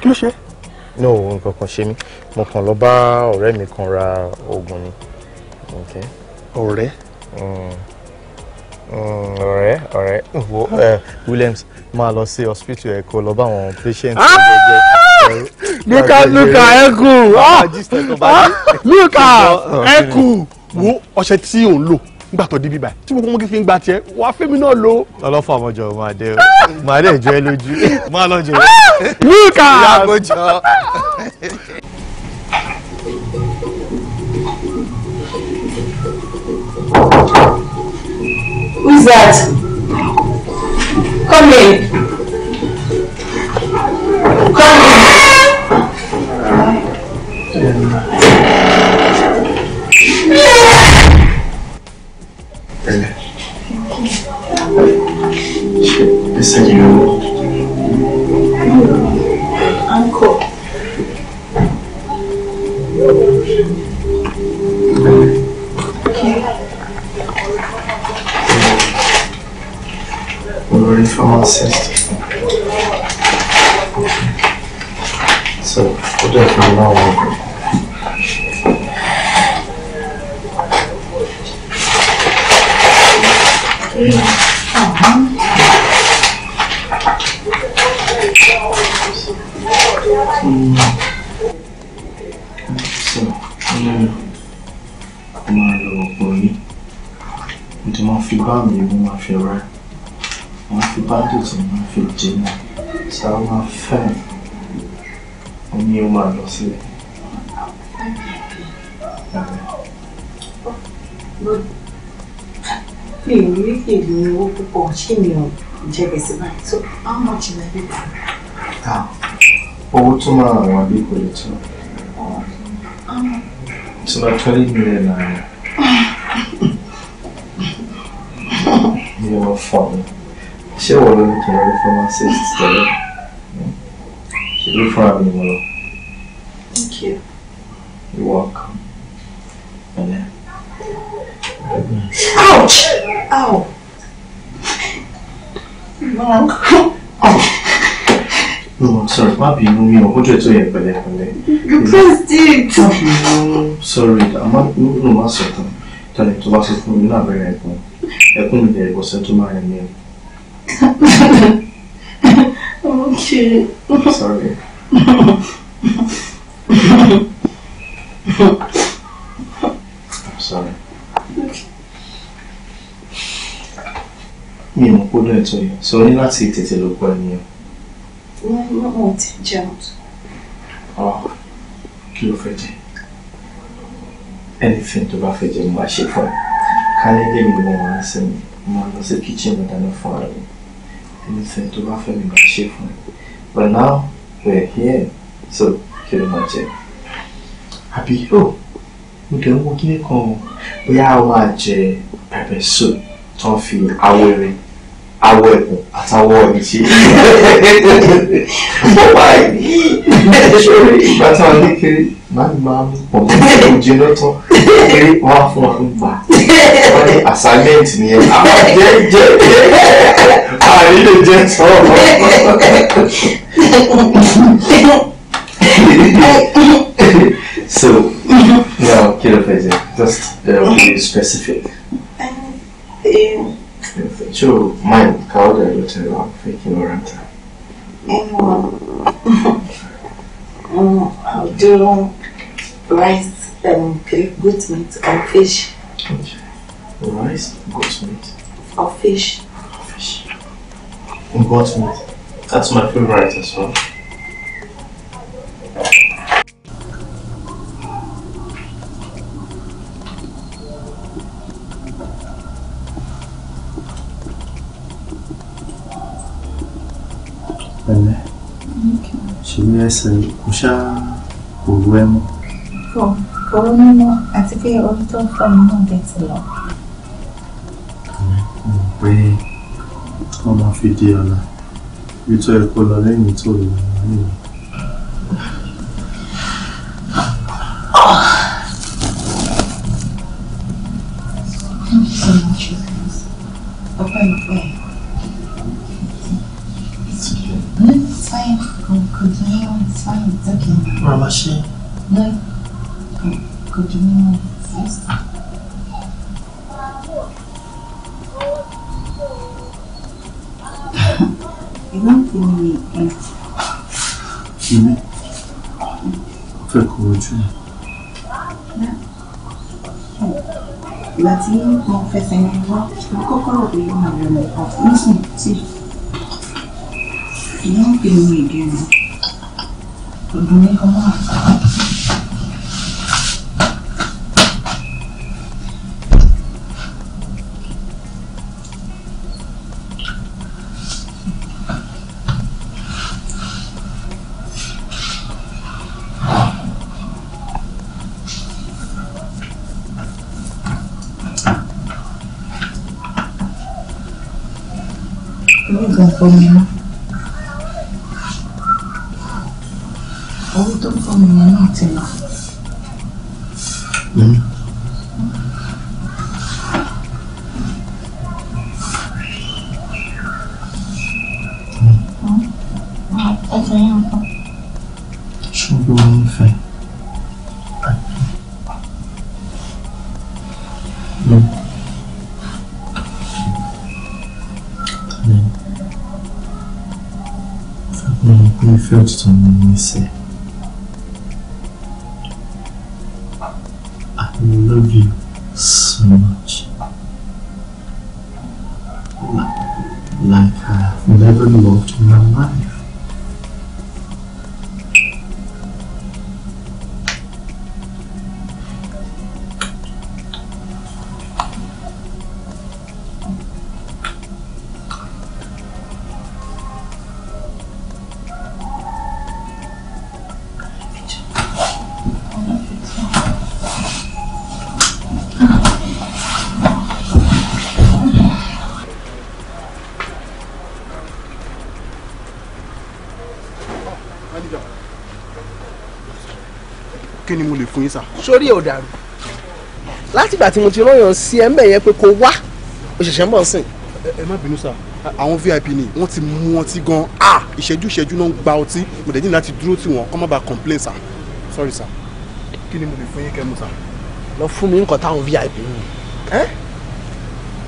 kí ló ṣe é. No, òun nǹkan kan ṣe mí mo kàn lọ bá ọ̀rẹ́ mi kan ra oògùn ni. ọ̀rẹ́. Mm. Mm, ọ̀rẹ́ ọ̀rẹ́ wo Williams máa lọ sí hospital ẹ̀ kó lọ bá àwọn patient jẹ́jẹ́. Ah! luka luka ẹkù ah! ah! luka [LAUGHS] ẹkù wo ọṣẹ tí òun lò nígbà tó débi báyìí tí mo kún mú kí fi ń gba tiẹ̀ wà á fẹ́mi náà lo. ọlọ́fọ̀ àmọ́jọ máa dé o máa dé ìjọ ẹ lójú máa lọ jẹ. lúkà ìyàgbọ́jọ. Come in. Come in. Listen, you know. Uncle. are Glory from our sister. So, Yeah. sọ how much na bí bá owó You You're welcome. Ẹ̀lẹ́. Ouch! Ow! Wrong. No, I'm sorry. Mabi, you know me. I'm going to you pẹ̀lẹ́ pẹ̀lẹ́. You pressed it. Mabi, no. Sorry. I'm not. No, no, I'm sorry. Tell him to last it for me. Not very ẹkún. Okay. Sorry. sorry. Okay. Mi ò mọ̀ kó dán ẹ̀tọ́ yẹn. Sọ ní láti Wọ́n ò ti jẹun. Kí ló fẹ́ jẹ? Anything tó bá fẹ́ jẹ mo máa ṣe fún ẹ. Ká ní ilé mi mo máa ń sinmi, mo kitchen mo dáná fún ara Anything to bá fẹ́ mi máa ṣe fún But now we're here so kí ló máa jẹ? Happy? Oh, mo kẹ́ ń wo kíní kan bóyá a máa pepper soup tó ń awọ ẹkùn àtàwọ ìṣe pọpá ìṣòro ìgbà tí wọn lékeré máa ń máa mú pọ mọ ìjìnà tán kéré wọn á fún wa ń gbà wọn ní assignment nìyẹn àwọn jẹ jẹ jẹ àárín lè jẹ tán so now kí ló fẹ́ jẹ just uh, be specific. Um, um, Show mind kawo da thinking of fakin oranta. Mm, mm, I'll do rice and goat meat or fish. Okay. Rice, goat meat. Or fish. Or fish. Goat meat. That's my favorite as well. pẹ̀lẹ́ ṣe ní ẹsẹ̀ kò ṣá kò rú ẹ mọ́. kò kò rú mi mọ́ àti pé orí tó ń fọ́ mi náà dé ti lọ. mo mọ̀ pé wọ́n máa fi It's fine, it's fine, it's okay. Mama, she? No. Go, go to me first. you don't feel me empty. You mean? Fẹ́ kó ojú ẹ̀. Ìgbà tí mo fẹsẹ̀ yẹn wá, ibunya kamu nggak fún yín sà. sórí ò dàrú látìgbà tí mo ti rán yàn sí ẹ mbẹ yẹn pé kó wá òṣìṣẹ́ ń bọ̀ sìn. ẹ má bínú sà àwọn vip ni wọ́n ti mú ọtí gan ah ìṣẹ́jú ìṣẹ́jú náà ń gba ọtí mọ̀dẹ́jì láti dúró tì wọ́n kọ́ má bàa complain sà sorry sà kí ni mo lè fún yín kẹ́ mu sà. lọ fún mi nǹkan táwọn vip ń mu. ẹ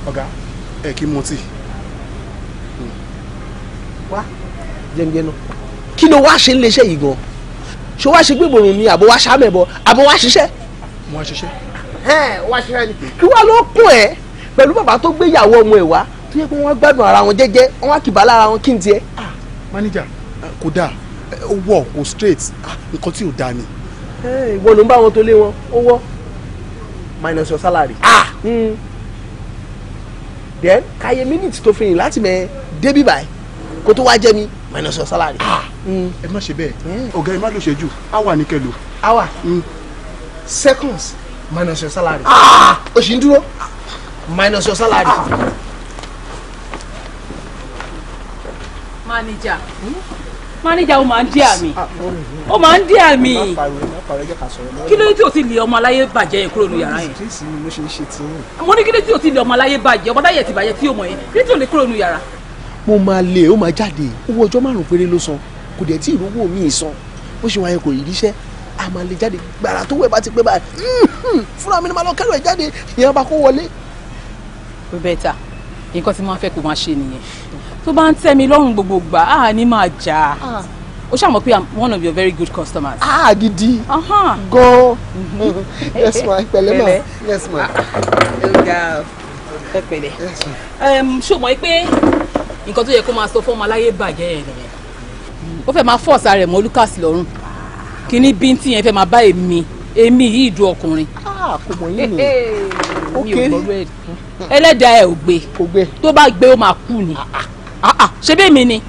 ọ̀gá ẹ kí mọtì. wá jẹnjẹnu kí ló wá ṣe ń léṣe yìí gan-an ṣé wàá ṣe gbẹ̀gbọ̀rùn ni àbọ̀ wàá ṣàmẹ̀bọ̀ àbọ̀ wàá ṣiṣẹ́. mo wá ṣiṣẹ́. ẹ wá ṣiṣẹ́ ni kí wàá ló kún ẹ pẹ̀lú bàbá tó gbéyàwó ọmọ ẹ̀ wá tó yẹ pé wọ́n gbádùn ara wọn jẹ́jẹ́ wọ́n á kìbá lára wọn kí n tiẹ̀. Ah, manager kò dáa ó wọ̀ kò straight ah, nǹkan tí ò dáa ni. ìwọ ló ń bá wọn tó lé wọn ó wọ́ minus your salary. ah mm. then káyé mínítì tó fi yìn láti mẹ́ débí báyìí kó tó wá jẹ́ mi minus your salary. ah Mm. ẹ má ṣe bẹ́ẹ̀ mm. ọ̀gá ẹ má lò ṣẹ́jú hour ní kẹlò. hour mm. seconds minus your salary. Ah! o ṣì ń dúró minus your salary. Ah! manager hmm? manager o máa ń dí àmì ah, o máa ń dí àmì kí ló dé tí o ti lè ọmọ aláyé bàjẹ́ yẹn kúrò ní yàrá yẹn mo ní kí ló dé tí o ti lè ọmọ aláyé bàjẹ́ ọmọdé ayẹ ti bàjẹ́ tí o mọ̀ yẹn kí ló dé tí o lè kúrò ní yàrá. mo máa lè e, ó máa jáde owó ọjọ́ márùn-ún péré ló san kò dẹ̀ tí ìrówó mi san bó ṣe wáyé kò rí iṣẹ́ a máa lè jáde gbàrà tó wẹ̀ bá ti pé báyìí hmm, fúnra mi ni màá lọ kẹ́rù ẹ̀ jáde ìyẹn bá kó wọlé. Roberta nǹkan tí mo fẹ́ kó máa ṣe nìyẹn tó bá ń tẹ́ mi lọ́rùn gbogbo gbà á ní máa jà á ah. o ṣàmọ̀ pé i'm one of your very good customers. ah gidi gan [LAUGHS] yes ma pẹ̀lẹ́ ma yes ma. ẹ pẹ̀lẹ́ ṣùgbọ́n pé nǹkan tó yẹ kó máa sọ fún ọmọ aláyé bàjẹ́ yẹn nìyẹn ó fẹ́ máa fọ́ọ̀sì ara rẹ̀ mọ́ Lucas lọ́rùn kíní bíntì yẹn fẹ́ máa bá èmi èmi yìí du ọkùnrin. Ah, kò mọ̀ yín ni ókè ẹlẹ́dàá ẹ̀ ò gbé tó bá gbé ó máa kú ni ah, ah. ṣé bẹ́ẹ̀ mi ni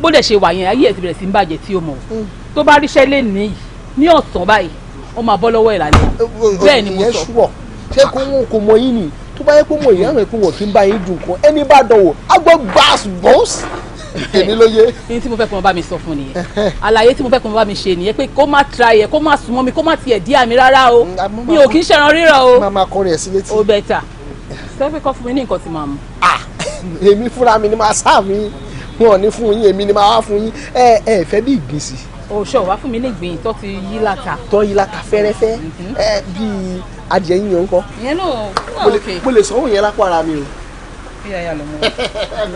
bó dẹ̀ ṣe wà yẹn ayé ẹ̀ ti bẹ̀rẹ̀ sí ń bàjẹ́ tí o mọ̀ mm. tó bá ríṣẹ́ lé nìyí ní ọ̀sán báyìí ó máa bọ́ lọ́wọ́ ẹ̀ lálẹ́ eh, bẹ́ẹ̀ ni mo sọ. ṣé kò wọn kò mọ̀ yín ni tó bá yẹ kó mọ̀ yín àwọn ẹ̀kún wọ̀ kí ń bá yín dùn kan ẹni bá dọ̀wọ̀ á gbọ́ gbàs èmi ló yé. ní tí mo fẹ́ kó máa bá mi sọ fún nìyẹn àlàyé tí mo fẹ́ kó máa bá mi ṣe nìyẹn pé kó má tra yẹ kó má súnmọ́ mi kó má tiẹ̀ dí àmì rárá o mm, mi ò kì í ṣẹran rírọ o. máa kọrin ẹ̀ sí létí. o bẹ̀tà sọ kọ́ fún mi ní nǹkan tí màá mu. èmi fúnra mi ni màá sá mi wọn ò ní fún yín èmi ni màá wá fún yín ẹ ẹ fẹ́ bí ìgbín sí. òṣò wá fún mi ní ìgbín tó ti yí lata. tó yí lata fẹ́rẹ́fẹ́ mm-hmm. bíi adìẹ yíyan ńkọ. ìyẹn náà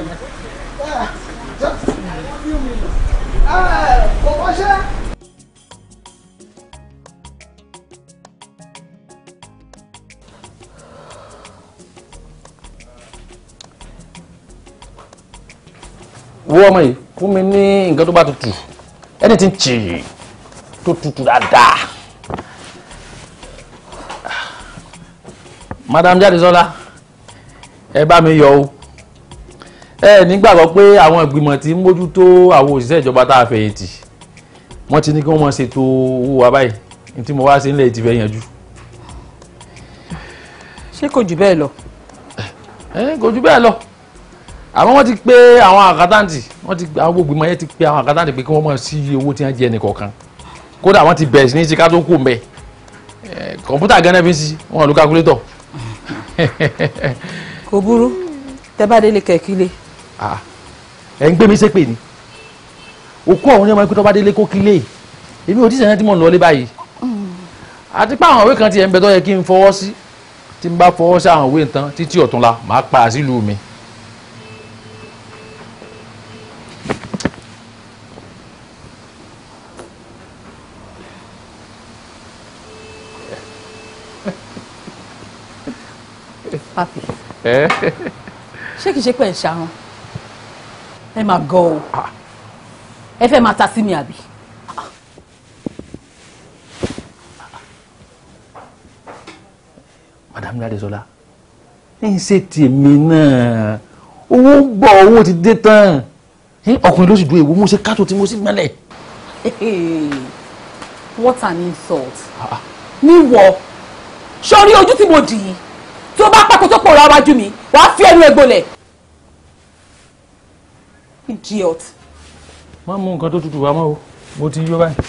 ó ok. [LAUGHS] kò kọ́ṣẹ́. wo ọmọ yìí fún mi ní nǹkan tó bá tutù ẹni tí ń tì í tó tutù dáadáa. madam Jádesọ́lá ẹ bá mi yọ o ẹ nígbàgbọ́ pé àwọn ìgbìmọ̀ tí ń mójútó àwọn òṣìṣẹ́ ìjọba tá a fẹ̀yìntì wọ́n ti ní kí wọ́n mọ̀ ṣètò owó wa báyìí ní tí mo wá sí nílẹ̀ ìtìfẹ́ yanjú. ṣé kò jù bẹ́ẹ̀ lọ. ẹ kò jù bẹ́ẹ̀ lọ àmọ́ wọ́n ti pé àwọn àkátàǹtì wọ́n ti àwọn gbogbo ìgbìmọ̀ yẹn ti pé àwọn àkátàǹtì pé kí wọ́n mọ̀ sí owó tí wọ́n jẹ ẹnìkọ̀ọ̀kan kódà wọ́n ti bẹ̀rẹ̀ sí ní ṣe ká tó kù mẹ́ kọ̀ǹpútà gánà fi ń sí wọn lu calculator. kò burú tẹ bá délé kẹ̀kí le Ah, ẹ̀ ń gbé mi ṣépè ni òkú ọ̀hún ni ọmọ ẹgbẹ́ tó bá délé kó kílé èmi ò tí sẹ́yìn tí mò ń lọ lé báyìí àti pé àwọn òwe kan ti ẹ̀ ń bẹ tó yẹ kí n fọwọ́ sí tí n bá fọwọ́ sí àwọn òwe nǹkan títí ọ̀túnla màá padà sílùú mi. ṣé kìí ṣe pé ẹ̀ ṣàrùn ẹ máa gọ o ah. ẹ fẹ́ máa ta sí mi àbí. madame Adéṣọlá ń ṣe tèmi náà owó ń bọ̀ owó ti dé tán ọkùnrin ló sì dúró èwo mo ṣe kátó tí mo sì gbẹ́lẹ̀. [LAUGHS] what an insult ah, ah. níwọ sọrí ojú tí mo dì í tí o bá pàkó tó pòórá wájú mi wàá fi ẹnu ẹgbọ́lẹ̀ idiot. má mú nǹkan tó tutù wá mọ́ o mo ti yó báyìí.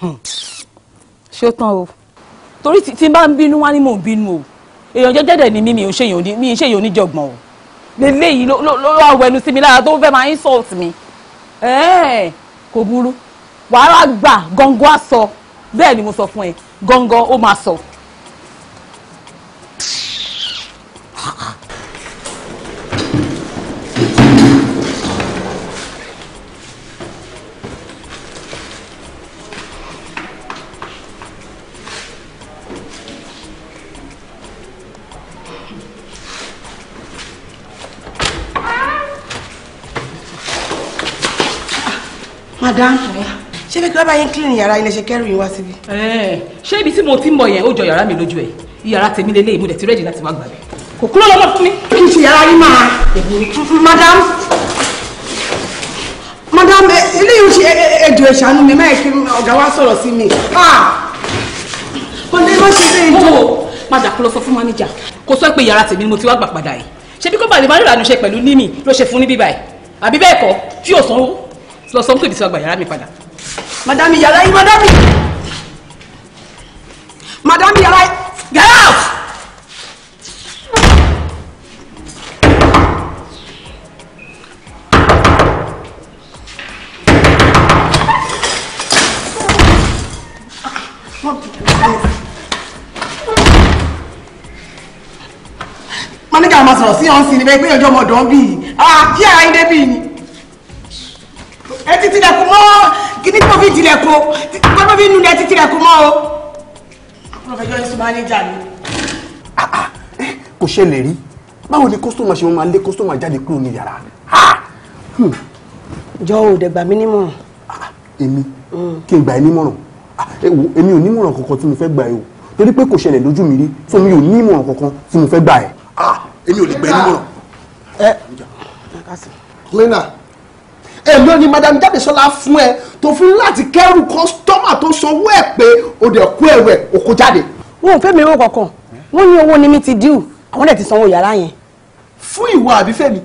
Hmm. ṣé ó tán o torí tí n bá ń bínú wá ní mò ń bínú o èèyàn jẹ́jẹ́dẹ̀ ni mí mi ò ṣe èèyàn mi ì ṣe èèyàn oníjọ̀gbọ̀n o lélẹ́yìí ló lọ́ àwẹ̀nu sí mi lára tó fẹ́ máa insult mi kò burú wàhálà gbà gọ́ngọ́ sọ bẹ́ẹ̀ ni mo sọ fún ẹ gọ́ngọ́ ó máa sọ. madam ṣé bí kílábà yín clean yàrá ilé ṣe kẹrù yín wá síbi. ṣé ibi tí mo ti ń bọ̀ yẹn ó jọ yàrá mi lójú ẹ̀ yàrá tèmi lélẹ́yìn mo dẹ̀ ti rẹ́dì láti wá gbàgbé. kò kúrò lọ́wọ́ fún mi. kí n ṣe yàrá yín máa. madam madam eléyìí ṣe ẹjọ́ ìṣàánú mi máa kí ọ̀gá wa sọ̀rọ̀ sí mi. ọ̀lẹ́ ló ṣe bẹ́ẹ̀ jọ. padà kó lọ sọ fún máníjà kó sọ pé yàrá tèmi ni mo ti wá gbà padà yìí ṣé bí kò bàlẹ̀ máa ríranú ṣe pẹ̀lú nímì ló ṣe fún ní bíbáyìí àbí bẹ́ẹ̀ kọ́ tí yóò sanwó lọ sọ pé ìdísọ́gbà yàrá mi padà. madami yàrá yìí madami madami yàrá yìí get out. mọ́níkà máa sọ̀rọ̀ sí ọ̀hún sí ni bẹ́ẹ̀ pé ọjọ́ ọmọdé ọ̀hún bíi àti àìdẹ́bí ni ẹ ti tilẹ̀kùn mọ́ kíní tó fi tilẹ̀kùn tó tó fi nu ni ẹ ti tilẹ̀kùn mọ́ o. àkùrọ̀fẹ́jọ́ yín sọ máa ní ìjà mi. kò ṣẹlẹ̀ rí báwo ni kọ́sítọ́mà ṣe máa lé kọ́sítọ́mà jáde kúrò ní yàrá. Hmm. jọ ò dẹ̀ gbà mí nímọ̀ràn. Ah, ah, èmi kí n gbà ẹ nímọ̀ràn ah, eh, èmi ò nímọ̀ràn kankan tí mo fẹ́ gbà ẹ o torí pé kò ṣẹlẹ̀ lójú mi rí so mi ò nímọ̀ràn kankan tí mo fẹ́ gbà ẹ. èmi ò lè gbà ẹ nímọ̀ràn. Eh, ẹ cleaner èlò ni madam Jádesọ́lá fún ẹ tó fún láti kẹ́rù kọ́sítọ́mà tó sanwó ẹ̀ pé o dẹ̀ kó ẹrù ẹ̀ o kó jáde. wọn ò fẹ́ mi owó kankan wọn ní owó ni mi ti díù àwọn dẹ̀ ti sanwó yàrá yẹn. fún ìwọ àbí fẹ́mi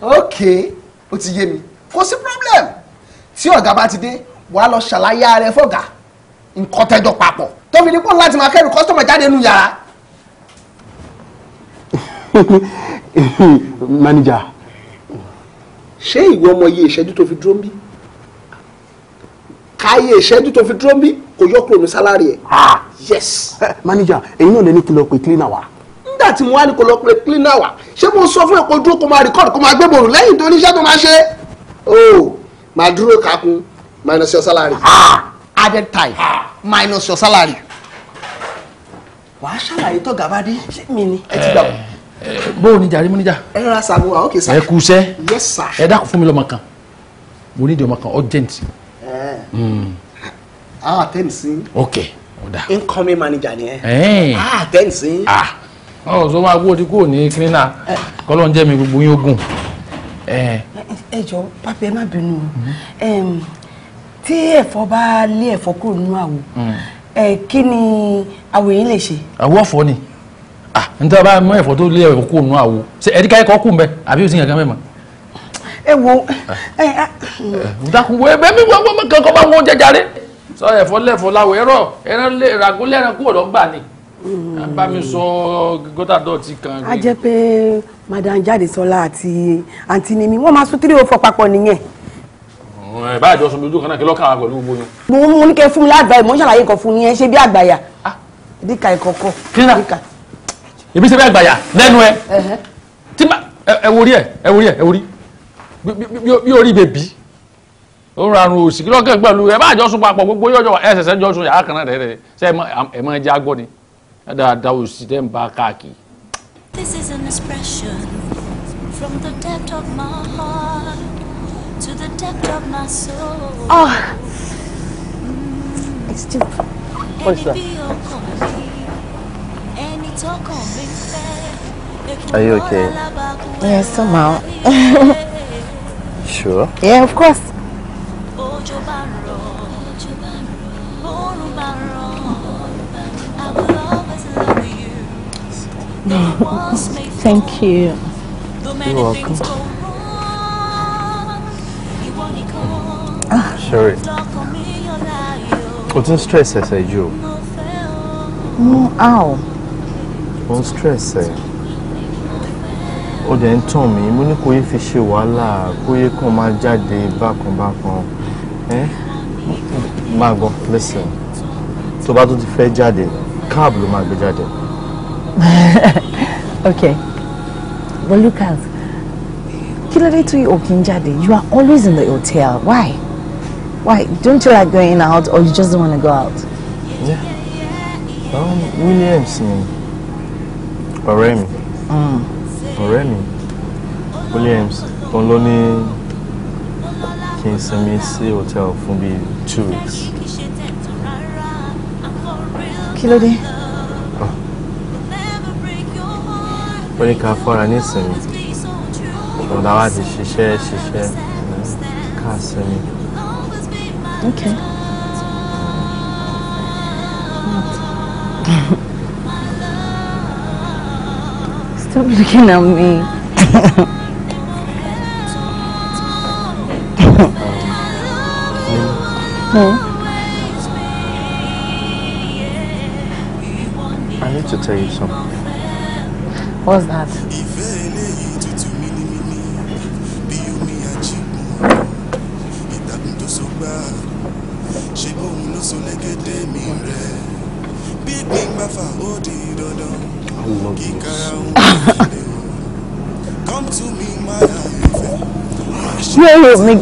ok o ti yé mi kò sí problem tí ọ̀gá bá ti dé wàá lọ ṣàlàyé ara ẹ fọ̀gá nǹkan tẹ́jọ papọ̀ tóbi ní pọ́n láti máa kẹ́rù kọ́sítọ́mà jáde nù yàrá. [LAUGHS] manager ṣé ìwé ọmọ iye ìṣẹ́jú tó fi dúró ń bí káyé ìṣẹ́jú tó fi dúró ń bí kò yọ kúrò ní sálárì ẹ̀. yes. Eh, manager èyí náà lè ní kí lọ pe cleaner wa. nígbà tí mo wá ní kó lọ pe cleaner wa ṣé mo sọ fún ẹ kó dúró kó máa record kó máa gbé bòrò lẹ́yìn tó oníṣẹ́ tó máa ṣe o máa dúró kakun minus your salary. added time minus your salary. wàá ṣàlàyé tó gàba dé ṣé mi ni ẹ ti gbà wọ́n. Eh bóò níjà rí mú níjà. ẹ rà sàbò wa ókè sà. ẹ kú yes sir. ẹ dákun fún mi lọ́mọ kan mo ní di ọmọ kan urgent. Hmm. a attend sí. ok ó dà. incoming manager ni ẹ. a attend sí. ọ̀ sọ ma gbó ti kúrò ní kínínà kọ́lọ́ ń jẹ́ mi gbogbo yín ogun. ẹ jọ pápẹ́ má bínú tí ẹ̀fọ́ bá lé ẹ̀fọ́ kúrò nínú àwò hmm. kí ni àwò yín lè ṣe. àwọ̀ ọ̀fọ̀ ni ah nítorí bá mọ ẹ̀fọ́ tó lé ẹ̀fọ́ kó nù àwo ṣe ẹ̀dí káyé kọ́ kù mbẹ àbí o sì yàn kán mẹ́mọ́. ẹ wo ah. ẹ ẹ. Ah, hmm. eh, dákun wo ẹbẹ mi wọ́n wọ́n kankan bá wọn jẹjàre. sọ ẹ̀fọ́ lẹ́fọ́ láwọ̀ ẹ̀rọ ẹran lé ràgó lẹ́ran kú ọ̀dọ́ gbà ni. Hmm. bá mi sọ gọ́tà dọ̀tí kan. a jẹ pé madam jáde sọlá àti àǹtí ni mi wọ́n máa sún three o oh four papọ̀ nìyẹn báyìí jọ sọ mi ojú kan náà kí lọ́kàn àwọn pẹ̀lú gbóyún. mo mú ní kẹ́ fún mi láàgbáyé mo ń ṣàlàyé nǹkan fún yín ẹ ebi ṣe bẹ́ẹ̀ gbàyà ẹ tí ma ẹ wo ẹ ẹ wo ẹ ẹ wo rí bí orí ibè bí ó rarun òsì kí lọ́kàn pẹ̀lú ẹ bá jọ sùn gbogbo yóò ẹ ṣẹ̀ṣẹ̀ jọ yàrá kan náà rẹ̀ rẹ̀ ẹ mọ ẹja gbọ́ ni ẹ e dáadáa òsì tẹ́ ń bá káàkiri. This is an expression from the depth of my heart to the depth of my soul. Oh, it's too. What's Are you okay? Yes, somehow. [LAUGHS] sure? Yeah, of course. [LAUGHS] Thank you. You're welcome. Ah. Sherry, o ti ń stress ẹsẹ̀ yìí o. Mm, ow ó stress ẹ̀ ó dẹ̀ ń tàn mí mo ní kò yé fi ṣe wàhálà kò yé kàn máa jáde bákan bákan ẹ́ máa gbọ́ listen tó bá tún ti fẹ́ jáde cab ló máa gbé jáde. [LAUGHS] okay But Lucas kí ló dé tí o kì í jáde you are always in the hotel why why don't you like going out or you just don't want to go out. Yeah. Um, Williams ni. Yeah ọ̀rẹ́ mi mm. ọ̀rẹ́ mi Williams tó ń lọ ní kí n sinmi sí hotel fún bíi two weeks. kí ló dé. wọ́n ah. ní ká fọ́ra ní ìsinmi ọ̀dà wa ti ṣiṣẹ́ ṣiṣẹ́ ká sinmi. okay. Hmm. [LAUGHS] Stop looking at me. I need to tell you something. What's that?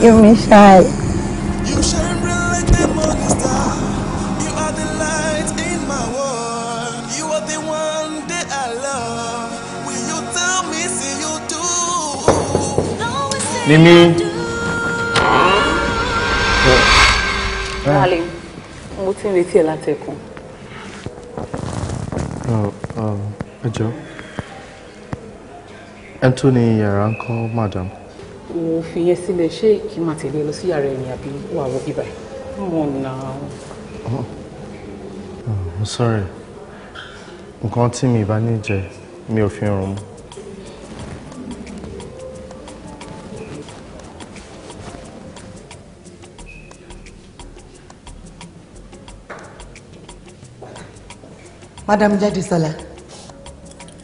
you me shy. You shine bright like the morning star. You are the light in my world. You are the one that I love. Will you tell me, see you do? Mimi. Darling, mo ti ń retí ẹ látẹ̀kùn. Oh, um, ẹ jọ̀ọ́, ẹ tó ní yàrá ń kọ́ madam mo fi yẹn sílẹ̀ ṣé kí n máa tẹ̀lé lọ sí yàrá ẹ̀yìn àbí wà wọ bíbá yìí mo nà ó. Oh. Oh, I'm sorry nǹkan tí mi bá ní jẹ mi ò fi rùn mu. Madam Jádesọ́lá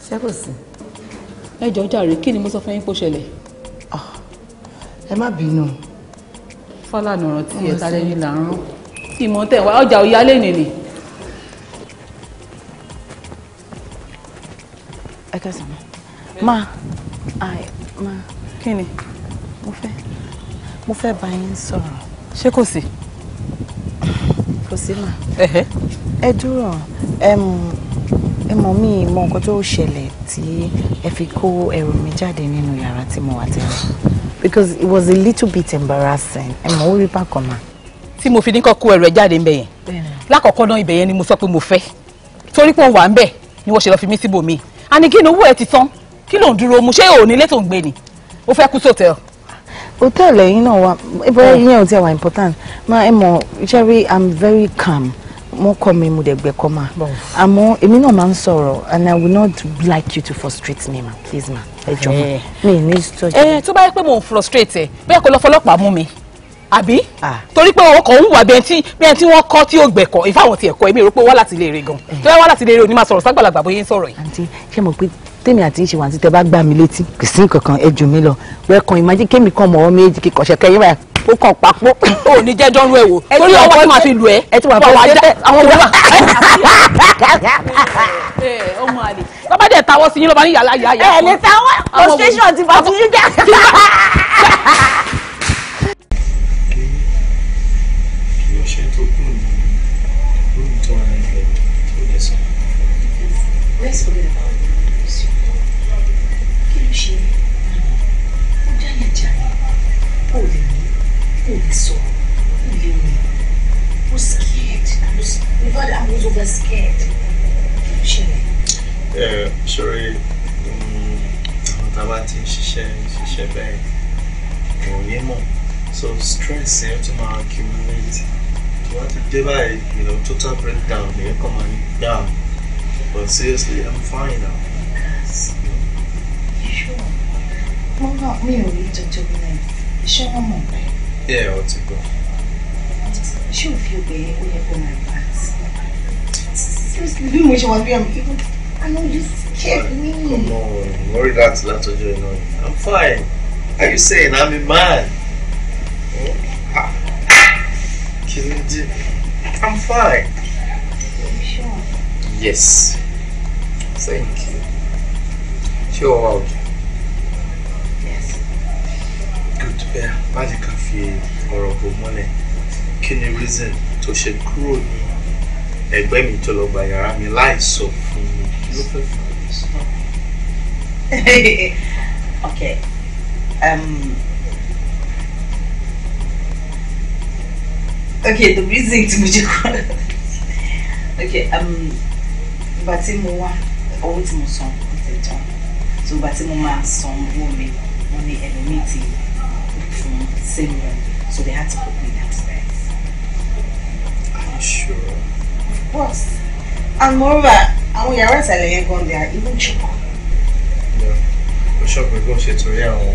ṣé kò sí. ẹ jọ̀ọ́ jàre kí ni mo sọ fún yín kó ṣẹlẹ̀ ẹ má bínú. fọlànà ọ̀rọ̀ tí ẹ̀ sáré ní là ń rán tí mo tẹ̀ wá ọjà òyálé nìní. ẹ kẹsàn án máa àì máa kí ni mo fẹ́ mo fẹ́ bá yín sọ̀rọ̀ ṣé kò sí. kò sí mà. ẹ dúró ẹ mọ̀ mí mọ nǹkan tó ṣẹlẹ̀ tí ẹ fi kó ẹrù mi jáde nínú yàrá tí mo wà tẹ́lẹ̀ because it was a little bit embarrassing ẹ mọ̀ ó rí bákan mà. tí mo fi ní kọ́ kó ẹrù ẹ jáde ń bẹ̀ yẹn lákọ̀ọ́kọ́ náà ibẹ̀ yẹn ni mo sọ pé mo fẹ́ torí pé òun wà ń bẹ̀ ni wọ́n ṣe lọ fi mí síbòmí àníkí ni owó ẹ ti tán kí ló ń dúró mu ṣé òní ilé tó ń gbé ni ó fẹ́ kú sòtẹ́ọ̀. hòtẹ́ẹ̀lì ẹ̀yin náà wà bóyá ìyẹn ò tí ẹ wà important ma ẹ mọ̀ jerry i'm very calm mo kọ mi mo dẹ̀ gbẹ̀kọ́ ma àmọ́ èmi náà máa ń sọ̀rọ̀ and i will not like you to frustrate me ma please ma ẹ jọ ma eh. mi ní sọ́jú. ẹ eh, tó bá yẹ pé mo ń frustrate ẹ bẹ́ẹ̀ kó lọ fọlọ́pàá mú mi àbí ah. torí pé ọkọ̀ ń wà bẹ́ẹ̀ tí bẹ́ẹ̀ tí wọ́n kọ́ tí ó gbẹ̀kọ́ ìfáwọn ti ẹ̀kọ́ èmi rò pé wọ́n láti lè re gan eh. tó bá wọ́n láti lè re òní máa sọ̀rọ̀ ságbàlagbà bóyá ń sọ̀rọ̀ yìí. àǹtí ṣé mo pé tèmi àti ìṣèwà àti tẹ bá gbà mí létí kò sí nǹkan kan ẹ jù mí lọ wẹ́ẹ̀kan ìmájí kémi kan mọ̀ ọ́ méjì kíkọ̀ ṣẹ̀kẹ́ yín báyà ó kàn papọ̀. o ò ní jẹ́ dánrú ẹ̀ wò torí ọwọ́ tí màá fi lù ẹ́. ẹ ti wà fún wa jẹ́ àwọn òwúrọ̀. [LAUGHS] ọmọ àlè bàbá sí yín lọ́ba ní yàrá yàrá. ẹ lè tawọ́ o station ti bàtú yín [LAUGHS] [LAUGHS] dá. Let's forget about it. think so. You I was scared. I was, in fact, I was over scared. Ṣẹlẹ̀. Ẹ ṣọ̀rẹ́ àwọn tá a bá ti ń ṣiṣẹ́ ṣiṣẹ́ bẹ́ẹ̀ kò ní mọ̀ so stress yẹn tún máa accumulate tó bá ti dé báyìí you know total breakdown yẹn kàn máa ń gbà but seriously I'm fine now. Sure. Mo náà mi ò rí jọjọ bí náà iṣẹ́ wọn mọ̀ bẹ́ẹ̀. Yeah, ó ti gbọ́. Ṣé o fi obè ó yẹ kó máa bá a sí? Seriously, bí mo ṣe wà bí àmì kíkún, I know you scared me. Come on, mo rí láti látọjọ́ iná ni. I'm fine. Are you saying I'm a man? Oh, ah, kí ló dé? I'm fine. sure? Yes. Thank you. Ṣé o wá òkè? tó fẹ́ báyìí kan fi ọ̀rọ̀ bò mọ́lẹ̀ kí reason tó ṣe kúrò ní ẹgbẹ́ mi tó lọ gba yàrá mi láì sọ fún [LAUGHS] okay um, okay the reason tí mo jẹ okay um, ìgbà tí mo wá owó tí so ìgbà tí mo máa san owó mi wọ́n from the same room, so they had to put me in that space. Are you sure? Of course. And moreover, àwọn yàrá ìsàlẹ̀ yẹn gan they are even cheaper. Mo sọ pé kó to torí àwọn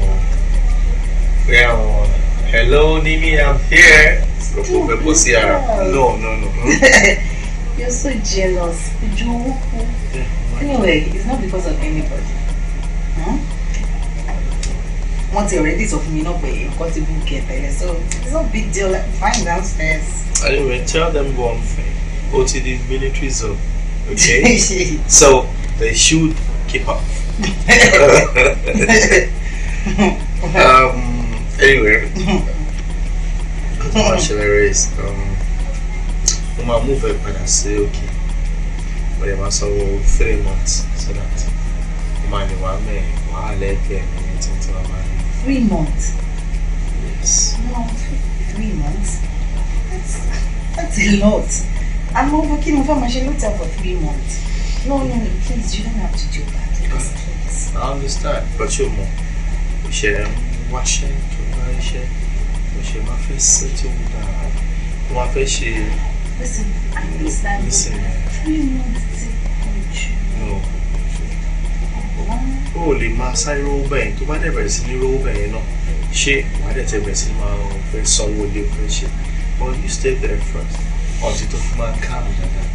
torí àwọn hello Nimi I'm here. Kò fẹ́ No no no. [LAUGHS] You're so jealous. Anyway, it's not because of anybody. Huh? Hmm? wọ́n ti already sọ fún mi náà pé nǹkan ti bú kẹ̀ tẹ́lẹ̀ so it's no big deal like, find out anyway tell them one thing o ti di military zone okay [LAUGHS] so they should keep up. [LAUGHS] um, anyway what shall I raise um, mo máa move ẹ padà sí òkè mo lè máa sanwó three months so that mo máa ní wàá mẹ́rin wàá lẹ́ẹ̀kẹ́ ẹ̀mí ní títí wàá máa ní three months. Yes. three months. That's, that's a lot. I'm overking over my shelter for three months. No, no, no, please, you don't have to do that. Please, please. I understand, but you more. Ṣé wá ṣe tó bá ṣe, ó ṣe máa fẹ́ settle down. Wọ́n á Listen, I understand. Listen. Three months is No o lè máa sáré rówó bẹ́ẹ̀ tó bá dẹ̀ bẹ̀rẹ̀ sí ní rówó bẹ́ẹ̀ náà ṣé wàá dẹ̀ tẹ̀ bẹ̀rẹ̀ sí ní máa fẹ́ sanwó ilé fún ṣe but you stay there first until tó fi máa calm dáadáa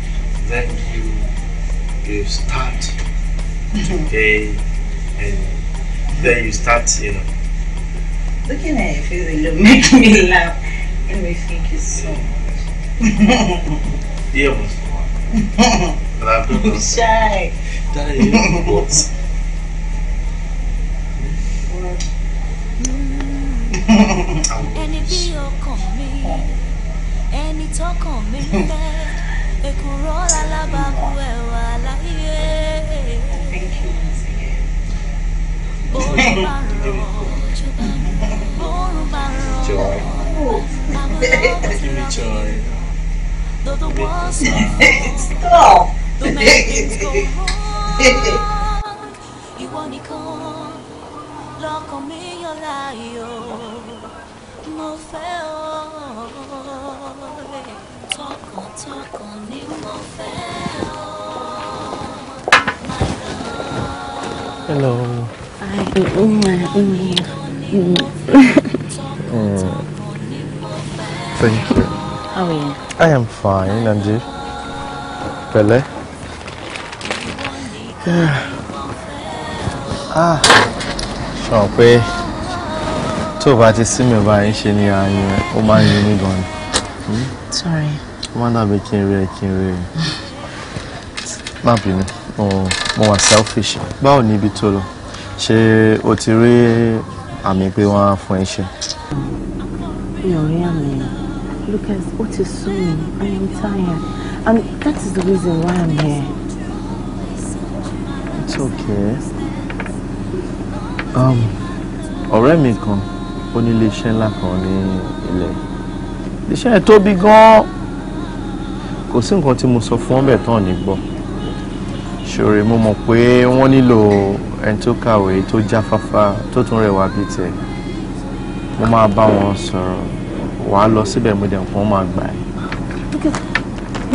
then you you start to pay [LAUGHS] and then you start you know. looking at your face alone [LAUGHS] make me laugh and we thank you so much. yeah, [LAUGHS] but I've not done. Shy. That is what ẹni bí ọkàn mi ẹni tọkàn mi ń fẹ́ èkùrọ́ alábàákú ẹ̀wà láyé bóun bá rọ̀ bóun bá rọ̀ àbúrò bá rọ̀. Though the walls fall, the make things go wrong lọ́kàn mi yàn láàyò mo fẹ́ ni mo fẹ́ Hello. Hi. Mm, mm, mm. Thank you. How are you? I am fine, and you? Yeah. Ah sọ pé tó o bá ti sí mi báyìí ṣe ni ààyè ó máa ń yí mi gan ni. Hmm? sorry. ó máa ń dàbí kí n rí ẹ kí n rí ẹ. má bínú mo wà selfish báwo ni ibi tó lọ ṣé o ti rí àmì pé wọ́n á fún ẹ ṣe. mi ò rí àmì Lucas ó ti sún mi I am tired and that is the reason why I'm here. it's okay. Um, ọ̀rẹ́ mi kan ó ní iléeṣẹ́ ńlá kan ní ilẹ̀ iléeṣẹ́ yẹn tóbi gan-an kò sí nǹkan tí mo sọ fún wọn bẹ́ẹ̀ tán ní gbọ́ ṣòro mo mọ̀ pé wọ́n nílò ẹni tó kàwé tó jáfáfá tó tún rẹwà bíi tẹ̀ mo máa bá wọn sọ̀rọ̀ wàá lọ síbẹ̀ mo dẹ̀ nǹkan máa gbà ẹ́.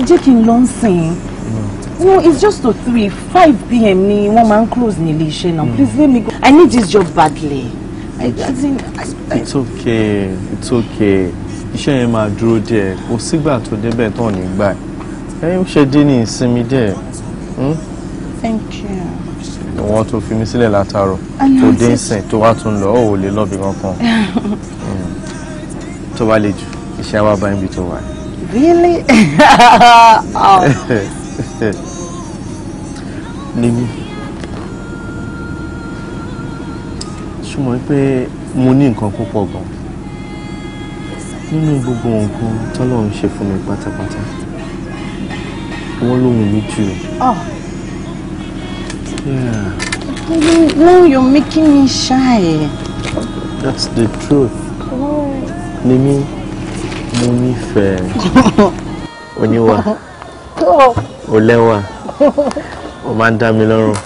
jẹ́ kí n lọ sìn hmm. no it's just to three five pm ni wọ́n máa ń close ní ilé iṣẹ́ náà hmm. please let me go. I need this job badly. I, I think. I, I... It's okay. It's okay. Iṣẹ́ yẹn máa dúró díẹ̀. Kò sígbà tó débẹ̀ tó ní gbà. Ẹyin ṣe dín ní ìsinmi díẹ̀. Hmm? Thank you. Wọ́n tó fi mí sílẹ̀ látàárọ̀. Tó dé ìsìn tó wá tún lọ, ó lè lọ́bì kankan. [LAUGHS] Hmm. Tó bá le jù, iṣẹ́ wa bá ń bi tó wà. Really? [LAUGHS] oh. Níní. [LAUGHS] ṣùgbọ́n pé mo ní nǹkan púpọ̀ gan nínú gbogbo nǹkan tọ́lọ́ ń ṣe fún mi pátápátá wọ́n lóhùn mi jù. No, you're making me shy. That's the truth. Nimi, mo nífẹ̀ẹ́ [LAUGHS] oníwà, olẹ́wà, oh. o [LAUGHS] máa ń dá mi lọ́rùn,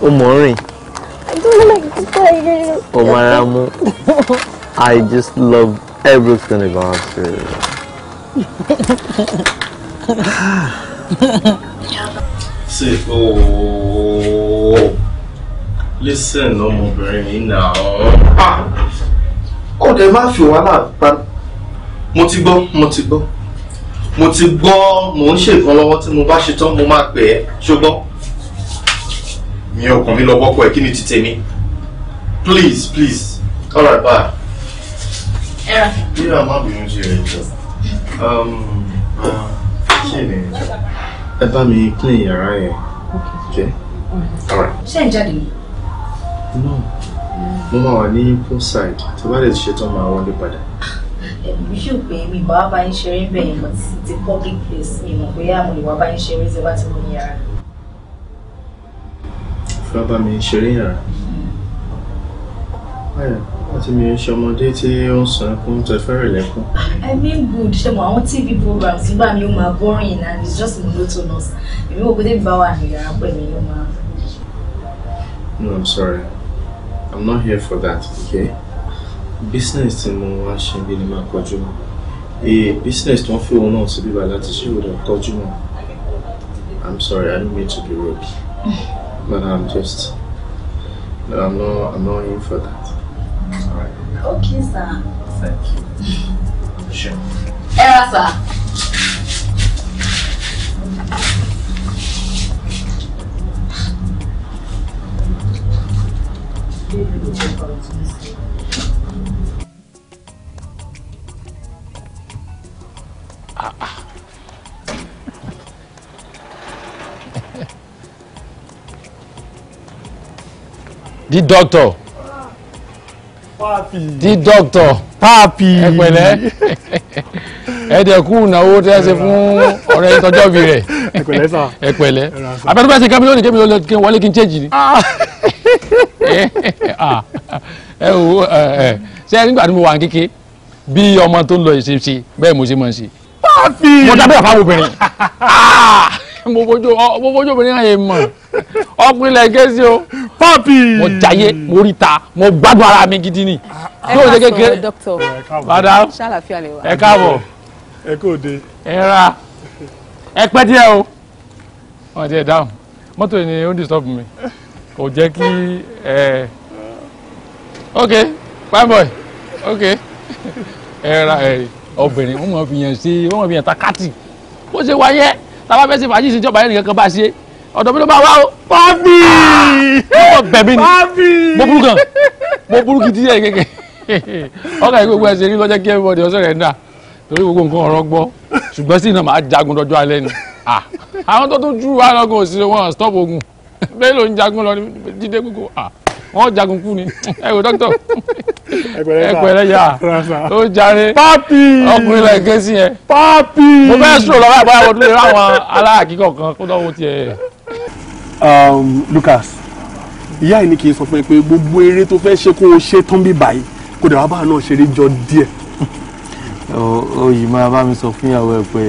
o mọ̀ I don't like Oh, my amu, I just love everything about you. See, oh, listen, ọmọbìnrin yìí náà. Kò dé má fi wàhálà pa. Mo ti gbọ́, mo ti gbọ́. Mo ti gbọ́, mò ń ṣèkan lọ́wọ́ tí mo bá ṣetán mo máa pè é, ṣùgbọ́n mi ò kàn mí lọ bọ́kọ̀ ẹ̀ kí ni ti tèmi please please all right bye. Yeah, yíyá má bínú sí ẹ jọ um, uh, ṣé ni ẹ bá mi clean yàrá yẹn jẹ́ all right. ṣé ń jáde ni. no mo máa wà ní side. tó bá lè ṣetán máa wọlé padà ẹ̀mí ṣù pé mi bá wá bá yín ṣeré ń bẹ̀yìn kan ti public place mi mọ̀ bóyá mo lè wá bá yín ṣeré tí wọ́n ti mú ní yàrá. fúlábà mi ṣeré yàrá láti mi ṣe ọmọdé tí ó ń sọ ẹkún tó fẹ́rẹ̀ lẹ́kún. i mean good ṣe mọ àwọn tv programs nígbà mi ó máa boring and it's just monotonous èmi ò gbọdọ̀ bá wà ní yàrá pẹ̀lú mi ó máa. no i'm sorry i'm not here for that okay business tí mo wá ṣe bí ni máa kọjú mọ́ èyí business tí wọ́n fi òun náà sí bíbá láti ṣe òun náà kọjú mọ́ i'm sorry i don't mean to be rude [LAUGHS] but i'm just but i'm not i'm not here for that. Okay, sir. Thank you. Sure. Ẹ ra Ah. The doctor di doctor paapi ẹpẹ̀lẹ́ ẹdẹkù ìnáwó tẹ ẹ ṣe fún ọ̀rẹ́ ìtọjọbi rẹ ẹpẹ̀lẹ́ abẹtú bá ṣe kámi lónìí kémi lónìí kí n wọlé kí n chéjì ni ah. [LAUGHS] Ah. ẹ wo ẹ ṣe nígbà tí mo wà kéke bí ọmọ tó ń lọ ìṣeṣe bẹ́ẹ̀ mo ṣe máa ń ṣe paapi mo dábẹ́ àfáwọn obìnrin. [LAUGHS] [LAUGHS] mo fojú mo fojú obìnrin yẹn mọ̀ ọpinlẹ̀ gẹ̀ẹ́sì o. papi. mo jayé mo rí ta mo gbádùn ara mi gidi ni. Ah, ah. ẹ ká sọ dókítà padà ẹ káàbọ̀ ẹ kò ẹ ra ẹ pẹ́ díẹ̀ o. wọ́n ti ẹ̀ dáhùn mọ́tò yìí ni ó ń disturb mi kò jẹ́ kí ẹ. ok fine boy ok ẹ ra ẹ obìnrin wọ́n mọ̀ fi yàn sí wọ́n mọ̀ fi yàn ta kátì ó ṣe wáyé táwa fẹ́ ṣe fàájì sí ìjọba yẹn nìkan kan bá ṣe ọ̀dọ̀ mi ló bá wá o. papi bẹ̀mí ni mo burú gan mo burú gidi ẹ̀ kẹ̀kẹ́ ọkà yìí gbogbo ẹsẹ̀ rí lọ́jọ́ kí everybody ọ̀sẹ̀ rẹ̀ dà torí gbogbo nǹkan ọ̀rọ̀ gbọ́ ṣùgbọ́n sí iná máa jagun lọ́jọ́ alẹ́ ni àwọn tó tún jù wá lọ́gùn òsì wọn stop ogun bẹ́ẹ̀ ló ń jagun lọ ní wọ́n jagun kú ni ẹ wò dókítà ẹ pẹ̀lẹ́ yà ó jàre pápì ọkùnrin la gé sí yẹn pápì mo fẹ́ sùn lọ́wọ́ àbáyá wọ́n lórí àwọn aláàkíkọ̀ kan kó dánwò tiẹ̀. Um, Lucas ìyá yìí ni kì í sọ fún ẹ pé gbogbo eré tó fẹ́ ṣe kó o ṣe tán bí báyìí kó dàbá bá náà ṣeré jọ díẹ̀. oyè máa bá mi sọ fún ìyàwó ẹ pé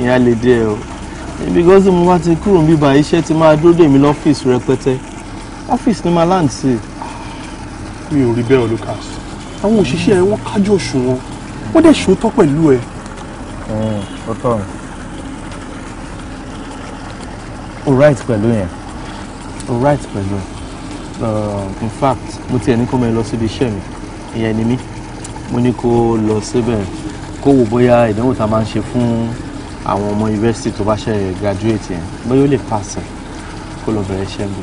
ìyá lè díẹ̀ o because mo bá ti kúrò níbà iṣẹ́ ti máa dúró dè mí lọ́fíìsì rẹpẹtẹ ọ́fíìsì ni màá láǹtì mi ò rí bẹ́ẹ̀ Lucas àwọn òṣìṣẹ́ ẹ wọ́n kájú òṣùwọ̀n wọ́n dẹ̀ ṣòótọ́ pẹ̀lú ẹ. ọtọ mi o right pẹ̀lú yẹn o right pẹ̀lú ẹ uh, in fact mo tiẹ̀ ní kó mẹ́ lọ síbi iṣẹ́ mi ìyẹn ni mí mo ní kó lọ síbẹ̀ kó wò bóyá ìdánwò tá a máa ń ṣe fún àwọn ọmọ yunifásitì tó bá ṣe graduate yẹn bóyá ó lè pass ẹ kó lọ bẹ̀rẹ̀ iṣẹ́ mi.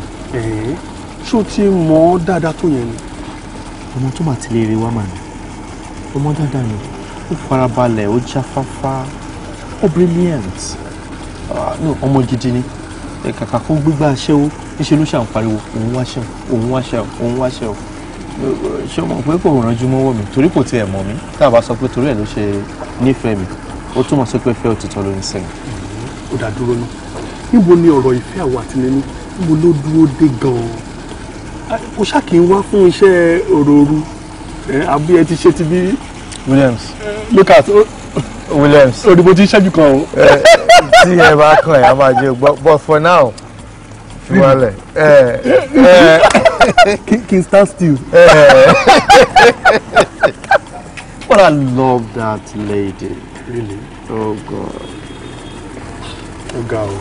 ṣé o ti mọ̀ ọ́ dáadáa tó yẹn ni ọmọ tó mà ti lè rí wá mà ní ọmọ dáadáa ni ó farabalẹ̀ ó jáfáfá ó brilliant ah, ọmọ gidi ni kàkà kó gbígbà aṣẹ́wó níṣẹ́ ló ṣàn pariwo òun wá ṣẹ́ òun wá ṣẹ́ òun wá ṣẹ́ o ṣé o mọ̀ pé kò rànjú mọ́wọ́ mi torí kò tiẹ̀ mọ̀ mí tá a bá sọ pé torí ẹ̀ ló ṣe nífẹ̀ẹ́ mi ó túmọ̀ sí pé fẹ́ òtítọ́ ló ń sẹ́yìn. ó dá dúró náà níbo ni ọ̀rọ̀ ìfẹ́ àwọn àtìlẹ́yìn níbo ló dúró dé gan-an o ṣáàkì ń wá fún iṣẹ́ òròru àbí ẹ ti ṣe ti bí. Williams. look at Williams. òdìbò ti ṣẹ́jú kan o. tí ẹ bá kàn ẹ́ a máa jẹ but for now fiwalẹ̀. kí n stand still. but I love that lady. Really? Oh God. Oh [LAUGHS] God.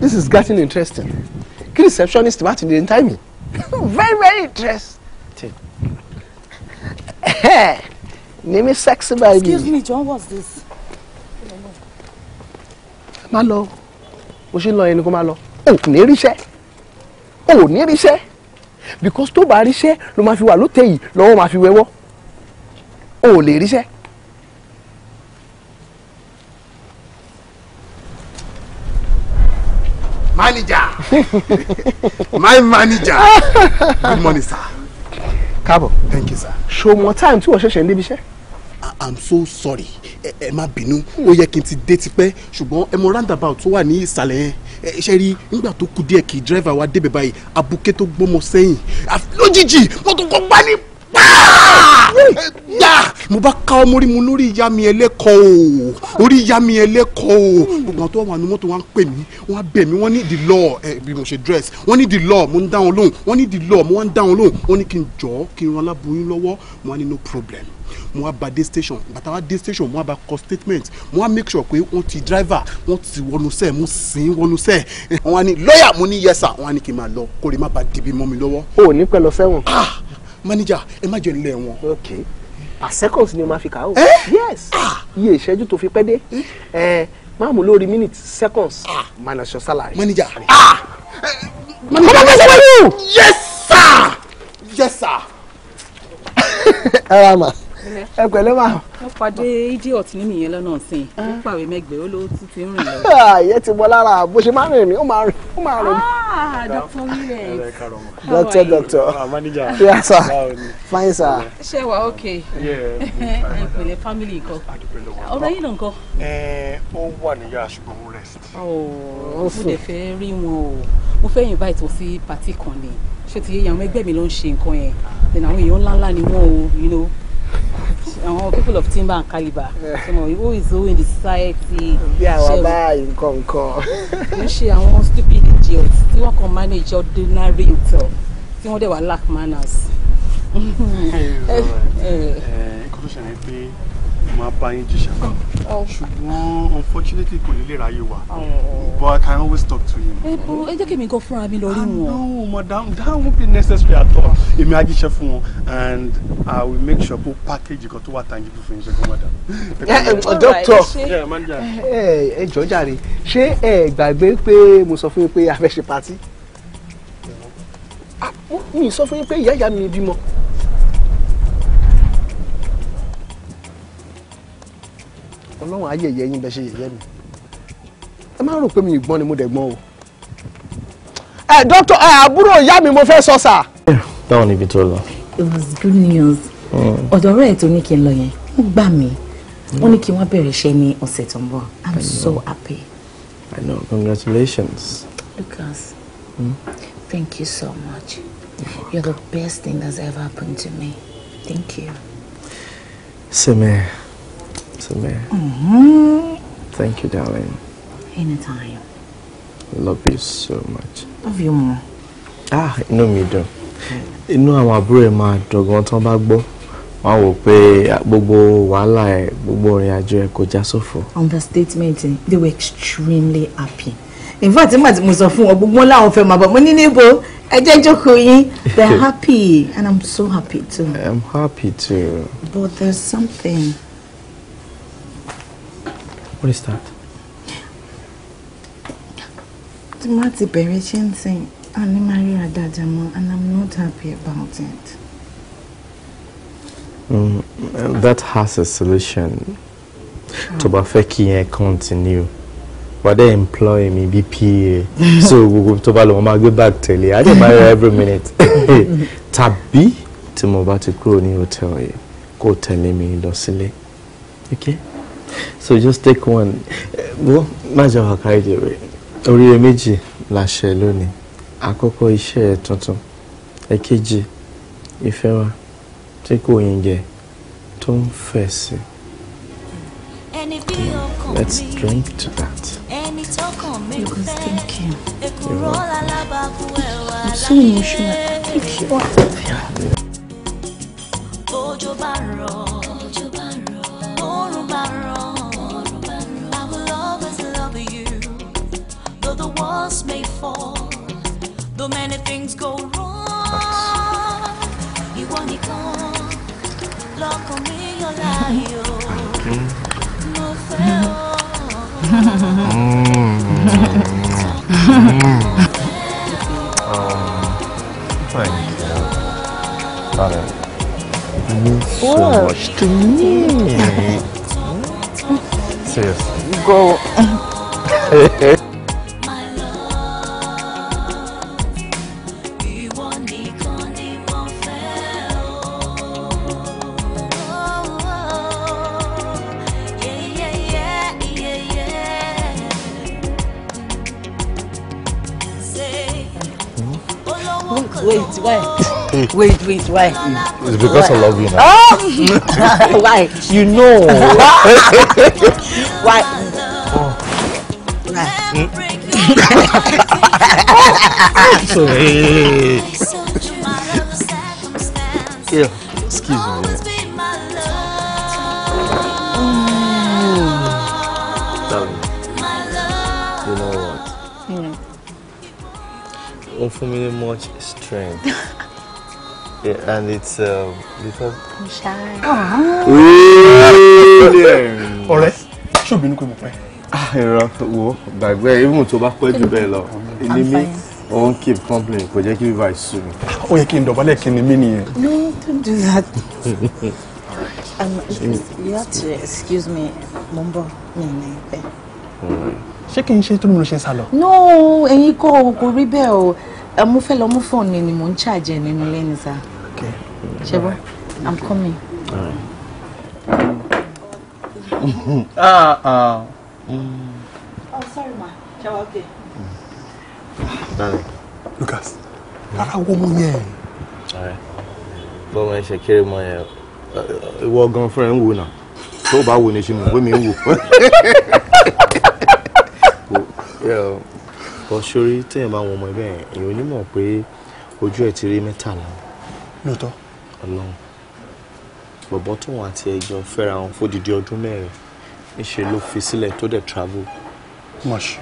This is getting interesting kí receptionist wá ti dé ní táìmì. [LAUGHS] very very interesting. [LAUGHS] name is sexy baby. excuse me John what's this. má lọ bó ṣe ń lọ yẹn ni kó má lọ o ò ní ríṣẹ́ o ò ní ríṣẹ́ because tó bá ríṣẹ́ ló máa fi wà lóòótẹ́ yìí lọ́wọ́ máa fi wẹ́wọ́ o ò lè ríṣẹ́. manager [LAUGHS] my manager good morning sir. káàbọ̀ thank you sir. ṣòmọ time tí wọ́n ṣẹ̀ṣẹ̀ ń débi iṣẹ́. i'm so sorry ẹ má bínú ó yẹ kí n ti dé tipẹ́ ṣùgbọ́n ẹ mọ roundabout tó wà ní ìsàlẹ̀ yẹn ṣe rí nígbà tó kù díẹ̀ kí driver wa débẹ̀ báyìí abuké tó gbọ́mọ sẹ́yìn lójijì mọ́tò kọ́ gbá mo bá ká ọmọ rí mu lórí ìyá mi ẹlẹ́kọ̀ọ́ o orí ìyá mi ẹlẹ́kọ̀ọ́ o gbogbo àwọn tó wà nínú mọ́tò wọn pè mí wọn bẹ̀ mí wọ́n ní the law ẹ bí mo ṣe dress wọ́n ní the law mo ń dá wọn lóhùn wọ́n ní the law mo wá ń dá wọn lóhùn wọ́n ní kí n jọ́ kí n ran aláboyún lọ́wọ́ mo wá ní no problem mo wá ba dé station bàtà wá dé station mo wá ba kọ statement mo wá make sure pé wọ́n ti driver wọ́n ti wọnú sẹ́ẹ̀ mo sì ń wọnú sẹ́ẹ̀ wọ́n wá ní lọ́ọ̀yà mo ní yẹ́sà wọ́n wá ní kí n máa lọ kórè má ba dìbí mọ́ mi lọ́wọ́. o ò ní pẹ́ lọ sẹ́wọ̀n. ah manager ẹ má jẹ́ nílé wọn. ok per ah, seconds ni o máa fi kà ó. Eh? yes ah! iye ìṣẹ́jú tó fi pẹ́ dé eh? ẹ máa mú lórí minute seconds ah! minus your salary. manager ah manager ọmọ kẹsàn-án yes sir yes sir. [LAUGHS] ẹ wá mà ẹ pẹ̀lẹ́ mà. ó pàdé idiot ní mi yẹn lọ́nà sí i ah. ó pàwé mẹ́gbẹ̀ẹ́ ó ló ti ti rìn lọ. ààyè ti bọ́ lára bó ṣe máa rìn ní ó máa rìn ó máa rìn. dr willet. dr dr yes sir fine sir. ṣé wa ok ẹ pẹ̀lẹ́ family nǹkan ọ̀rọ̀ yìí nǹkan. ẹ ó wà ní yàrá ṣùgbọ́n ó rest. Oh, mo dẹ̀ fẹ́ rí wọn o mo fẹ́ invite wọn sí pàtí kan ni ṣé ti yé yan ẹgbẹ́ mi ló ń ṣe nǹkan yẹn àwọn èèyàn ńláńlá ni wọ́n o you know àwọn people of timber and calibre sọmọ who is who in the society. bí àwọn báyìí nǹkan nǹkan. wọ́n ṣe àwọn stupid idiots tí wọ́n kàn manage ordinary hotel tí wọ́n dẹ̀ wá lack manners. ẹ ẹ [LAUGHS] eh, eh. eh, nǹkan tó ṣẹlẹ̀ pé máa bá yín jíṣẹ́ oh. ṣùgbọ́n unfortunately kò ní lè ráyè wá oh. but I can always talk to him. ẹ bọ ẹ jẹ́ kí èmi gan fúnra mi lọ rí wọn. no madam that won't be necessary at all èmi á jíṣẹ́ fún wọn and I will make sure pé package kan tó wà tangible fún yín ṣẹ́gun madam. [LAUGHS] Eh, eh, doctor ẹ eh, jọ̀ọ́ jàre ṣé ẹ gbàgbé pé mo sọ fún yín pé a fẹ́ ṣe patí ah, mi sọ fún yín pé ìyá ìyá mi bímọ. ọlọ́run ayé yín bẹ ṣe yẹ̀yẹ́ mi ẹ má rò pé mi ìgbọ́n ni mo dẹ̀ gbọ́n o. ẹ dókítà ẹ àbúrò ìyá mi mo fẹ́ sọ sà. báwo ni tó lọ. it was good news. Hmm. ọ̀dọ̀ ọ̀rẹ́ ẹ̀ tó ní kí n lọ yẹn ó gbà mí wọ́n hmm. ní kí wọ́n bẹ̀rẹ̀ iṣẹ́ ní ọ̀sẹ̀ tó ń bọ̀ i'm so happy. i know congratulations. lucas hmm? thank you so much you're the best thing that's ever happened to me thank you. sẹ́mi. So, to me. Mm-hmm. Thank you, darling. Anytime. Love you so much. Love you more. Ah, inú mi dùn. Inú àwọn àbúrò ẹ̀ máa dọ̀gán tán bá gbọ́. Wọ́n á wò pé gbogbo wàhálà ẹ̀ gbogbo orin àjò ẹ̀ kò já sófo. On they were extremely happy. In fact, nígbà tí mo sọ fún wọn gbogbo wọn láwọn fẹ́ máa bọ̀ mo ní níbo ẹ jókòó yín. They are [LAUGHS] happy and I'm so happy too. I'm happy too. But there's something. What is that? Tí má ti bẹ̀rẹ̀ ṣe ń sìn, a ní and I'm not happy about it. Mm, that has a solution. To bá fẹ́ continue but they employ me, BPA, [LAUGHS] so we go to lọ mo máa gbé bag tẹ̀lé i dey marry every minute [LAUGHS] tàbí to move bá to kúrò hotel go tell me, mi lọ okay so just take one wo má jẹ́ wà káyé oríire méjì láṣẹ lónìí àkọ́kọ́ iṣẹ́ tuntun ẹ̀kejì ìfẹ́ wa tí kò yin jẹ tó ń fẹ̀ sí. Let's drink to that. thank you. You're welcome. I'm so emotional. Thank you. Yeah. once may fall, though many things go wrong. you. nìkan lọ́kàn mi yọ láàyò. Mo fẹ́ ọ. Thank you. Darling, you mean so what? much to me. Seriously, go. Wait, wait, why? It's because why? I love you now. Oh! [LAUGHS] why? You know. why? Oh. Why? Mm? Sorry. Yeah, excuse me. Mm. You know what? Mm. Don't me much strength. Yeah, and it's um, little. ọ̀rẹ́ ṣòbí ní kò mọ̀ pẹ́. ìran ah, wo gbàgbé even tó bá pẹ́ jù bẹ́ẹ̀ lọ ní mí òun keep complaining kò jẹ́ kí bíbá ìsú mi. Ah, ó yẹ kí n dọ̀bálẹ̀ kí ni mí nìyẹn. no don't do that. [LAUGHS] um, you have to excuse me mo ń bọ̀ mi ní ibẹ̀. ṣé kí n ṣe tó ní mo ṣe ń sá lọ. no ẹ̀yin kò kò rí bẹ́ẹ̀ o mo fẹ́ lọ mú fóònù ni mo ń ṣàjẹ́ nínú lẹ́nu sáà. Okay. Shebo, I'm coming. All [LAUGHS] uh ah, ah. Mm. Oh, sorry, ma. Shebo, okay. Mm. Darling. Lucas, rárá wo mo yẹn. Bọ́mọ ẹ ṣe kéré mọ yẹn, uh, ìwọ gan fúnra ń wo náà, tó bá wo ni ṣe mọ̀ pé mi ń wò. [LAUGHS] Bọ́ bá wọn ọmọ ẹgbẹ́ yẹn, èèyàn onímọ̀ pé ojú ẹ̀ ti rí mẹ́tàlá lóòótọ́. Ọlọ́run bọ̀bọ̀ tóun àti ẹjọ́ fẹ́ra wọn fódìdí ọdún mẹ́rin níṣẹ́ ló fi sílẹ̀ tó dẹ̀ travel. mo ṣe.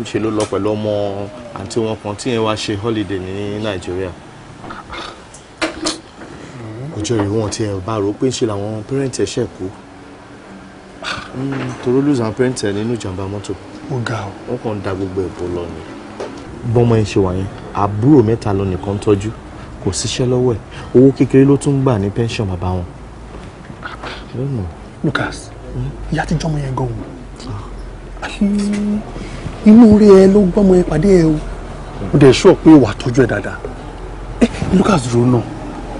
níṣẹ́ ló lọ pẹ̀lú ọmọ àǹtí wọn kan tí yẹn wá ṣe holiday ní nàìjíríà. ọjọ́ ìrì wọn ti ẹ̀ bá rò pé ń ṣe làwọn pẹ́rẹ́ǹtì ẹ̀ṣẹ̀ kú. Hmm, toró lùzà pẹ́rẹ́ǹtì ẹ̀ nínú ìjàmbá mọ́tò. ó ga o. wọ́n kàn ń da gbogbo ẹ̀bùn lọ ni. bọ́mọ ẹ̀ ṣe wà yẹn àbúrò mẹ́ta lọ nìkan tọ́jú kò síṣẹ́ lọ́wọ́ ẹ̀ owó kékeré ló tún ń gbà ní pension bàbá wọn. Lucas hmm? ìyá ti jọmọ yẹn gan o inú orí ẹ ló gbọ́mọ ẹ pàdé ẹ o ó dẹ̀ sọ pé wàá tọ́jú ẹ dáadáa eh, Lucas ro náà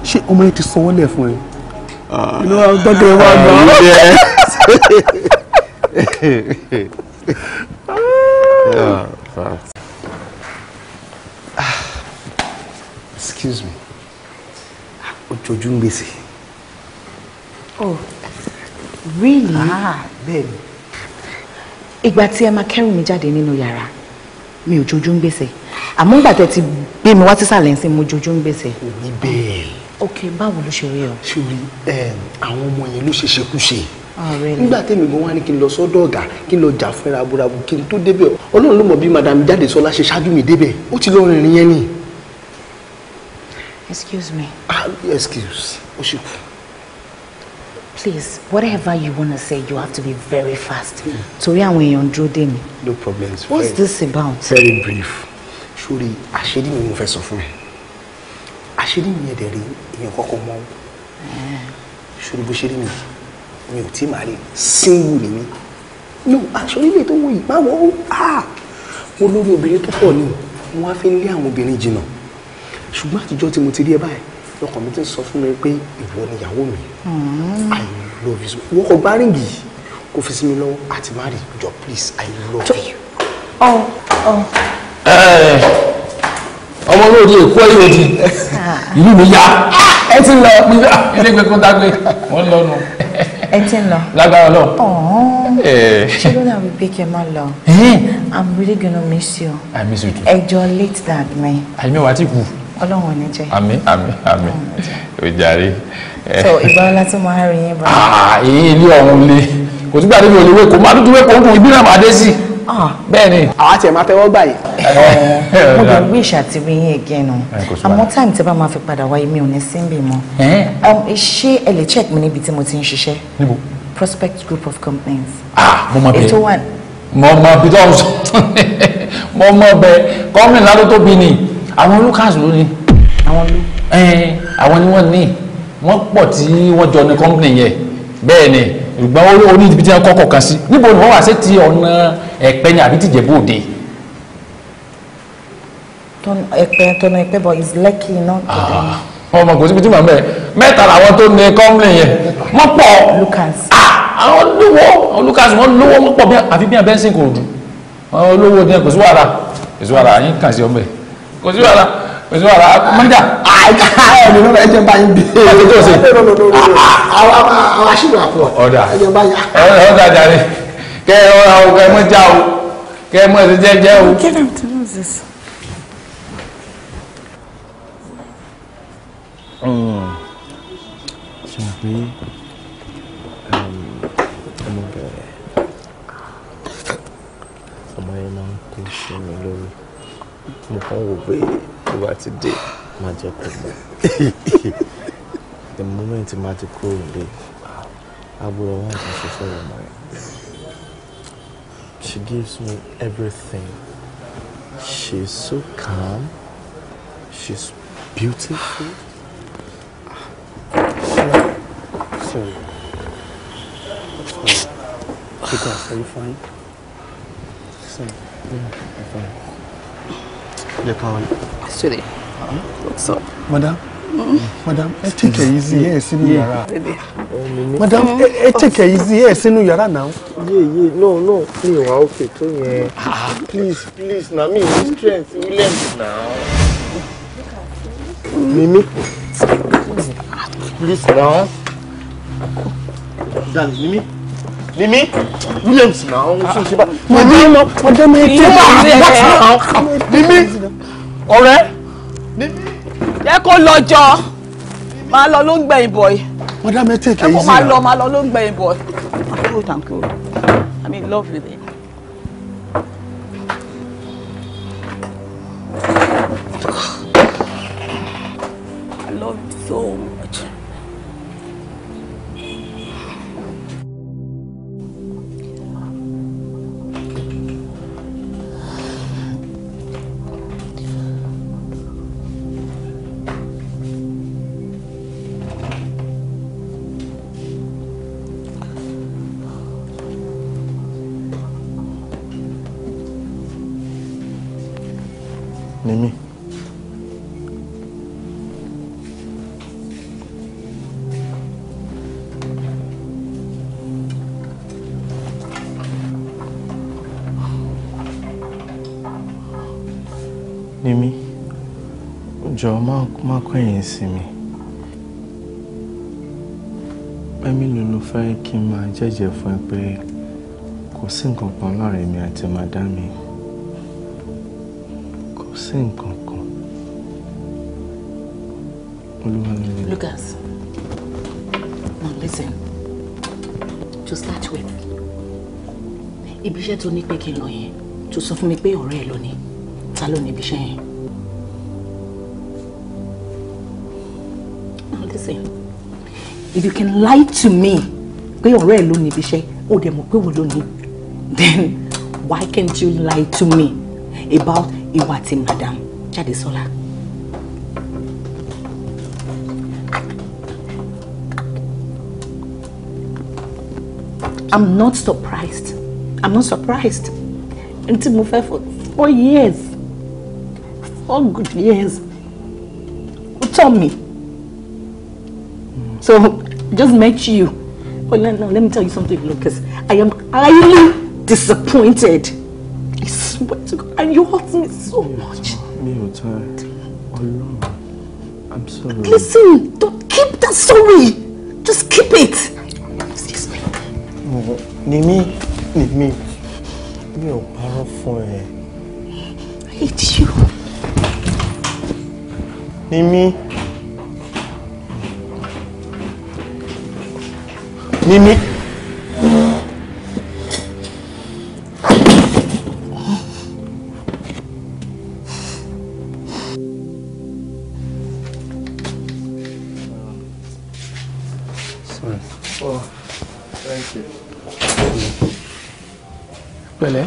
ṣé ọmọ yẹn ti sanwó lẹ̀ fún ẹ. inú wa gbọ́dọ̀ wà lọ. Yeah, fast. excuse me ojoojú ń gbèsè. oh really. ah bẹ́ẹ̀ni. ìgbà tí ẹ máa kẹ́rù mi jáde nínú yàrá mi ò jojú ń gbèsè àmọ́ ìgbà tẹ́ ti gbé mi wá sísàlẹ̀ ń sìn mo jojú ń gbèsè. kò ní bẹ́ẹ̀. ok báwo ló ṣe rí ọ. sori eh, àwọn ọmọ yẹn ló ṣe ṣekúṣe oh, nígbà tẹ́mi gan wá ní kí n lọ sọ́dọ̀ ọ̀gá kí n lọ jà fún raburabu kí n tó débẹ̀ ọlọ́run ló mọ̀ bí madam jáde sọlá ṣe ṣáájú mi débẹ̀ ó ti lọ rìnrìn yẹn ni. Excuse me. Uh, excuse. Oshiku. Please, whatever you want to say, you have to be very fast. So hmm. we èèyàn dúró dè No problems. What's friend. this about? Very brief. Ṣorí I shouldn't move first of all. I shouldn't mi ẹ̀dẹ̀ rí èèyàn kọ́kọ́ mọ́. Ṣorí bó ṣe rí mi, mi ò tí màá with me. ni mí. No, àṣírí lè tó wòye, máa wọ̀ ó. Ah! Mo lórí obìnrin tó pọ̀ ni, mo wá fi ń lé àwọn obìnrin jìnnà ṣùgbọ́n àtijọ́ tí mo ti rí ẹ báyìí lọkàn mi ti sọ fún mi pé ìwọ ni ìyàwó mi hmm. i love you wọ́n kò gbá ríngì kò fi sí mi lọ́wọ́ àti má rí jọ please i love you. Eh, ọmọ olóòdì èkó ẹ̀yọ́ di ah. ìlú mi yá ah, ẹ ti lọ ilé gbé kó dágbé wọ́n lọ nù. ẹ ti lọ. lágbára lọ. Eh. ṣé ló dàbí pé kí lọ eh? i'm really gonna miss you. i miss you too. ẹ jọ late dad mi. àyè mẹ́wàá ti kù. Ọlọ́run ò ní jẹ́. àmín àmín àmín ò jàre. Eh. so ìgbà ọlá tí mo á rí yín bá. èyí ah, ah, eh, ilé ọ̀run le kò sígbà níbi olùwé kò má dúdú wé kò ń kò ìbí náà má dé sí. Ah. bẹ́ẹ̀ ni. àwa tiẹ̀ máa tẹ́wọ́ gbà yìí. Eh, mo lè wí ìṣàtìwé yín again nù àmọ́ time tí bá máa fi padà wá èmi ò ní sí níbí mọ́. Um, ṣé ẹ lè check mi níbi tí mo ti ń ṣiṣẹ́. prospect group of companies. ah mo mọ bẹ́ẹ̀ ètò one. mo mọ bí tó ń sọ [LAUGHS] mo mọ bẹ́ẹ̀ kọ́mìnì ládùúgbò bí ni àwọn Lucas ló ní àwọn ni wọ́n ní wọ́n pọ̀ tí wọ́n jọ ní company yẹn bẹ́ẹ̀ ni ìgbà orí ibi tí wọ́n kọ́kọ́ kan sí níbo ni wọ́n wà sí ti ọ̀nà ẹ̀pẹ́ ni àbí tìjẹ̀bú òde. ẹ̀pẹ́ tọ́nà ẹ̀pẹ́ bọ̀ is Lekki náà tẹ̀lé ah, ọmọ kò síbi tí màá bẹ mẹ́ta làwọn tó ní kọ́mìnì yẹn wọ́n pọ̀ ah, àwọn olówó olùkàs wọ́n lówó wọ́n pọ̀ àfi bí abẹ́sìn kò dùn olówó ní ẹ kò sí wàhálà kò sí wàhálà yín kàn sí ọmọ yìí kò sí wàhálà kò sí wàhálà mọ́nìjà. ẹ̀mí ló ẹ jẹ́ báyìí bí. àti tó ṣe. àwọn aṣíwò àpò ọ̀dà ọ̀dà jàre kẹ ẹ ọ̀rọ̀ àwọn kẹ ẹ mọ̀ já o kẹ ẹ mọ̀ ẹ jẹ́ jẹ́ o. Get him to lose this. ṣe pé ọmọ bẹ̀rẹ̀ ọmọ yẹn máa ń kó sí lórí mo kàn wò pé tó bá ti dé má jẹ́ kó mọ̀ the moment má ti kúrò lé àbúrò wọn kò ṣe sọ̀rọ̀ mọ́ ẹ̀ she gives me everything she's so calm she's beautiful sorry sorry because are you fine sorry yeah I'm fine. Yẹ kàn wọlé. what's up? Madam, madam, ẹ take it oh, oh. easy, ẹ sínú yàrá. Madam, ẹ take it easy, ẹ sínú yara now. Yeah, yeah. no no, mi ò wá òkè tó ah. Please please Now, me. ní strength William Now, Mimi, please now. Dani, Mimi ni Williams now. My name, my name is ní ọmọ alright. mi ti bá àbọ̀tì náà ni mí ọ̀rẹ́ ni mí. jẹ́ kó lọ jọ máa lọ ló thank you thank you i'm in love with him. I love you so much. ń sinmi ẹ̀mí ló ló fẹ́ kí n máa jẹ́jẹ́ fún ẹ pé kò sí nǹkan kan láàrin mi àti màdámi kò sí nǹkan kan olúwa ló Lucas now listen to start with ibi iṣẹ́ tó ní pé kí n lọ yẹn tó sọ fún mi pé ọ̀rẹ́ ẹ lọ ni ta ló ní ibi iṣẹ́ yẹn. listen if you can lie to me pé ọ̀rẹ́ ẹ̀ ló ní ibi iṣẹ́ ó dẹ̀ mọ̀ pé wò then why can't you lie to me about ìwà àti madam Jádesọ́lá. I'm not surprised. I'm not surprised. Until mo fẹ́ for four years. Four good years. Ó tọ́ mi. So just met you. but oh, now let me tell you something, Lucas. I am highly disappointed. I swear to God, and you hurt me so much. Me, your time. Alone. I'm sorry. Listen, don't keep that sorry. Just keep it. Excuse me. Nimi, Nimi, mi ò parọ́ I hate you. Nimi. ní mí. pẹ̀lẹ́.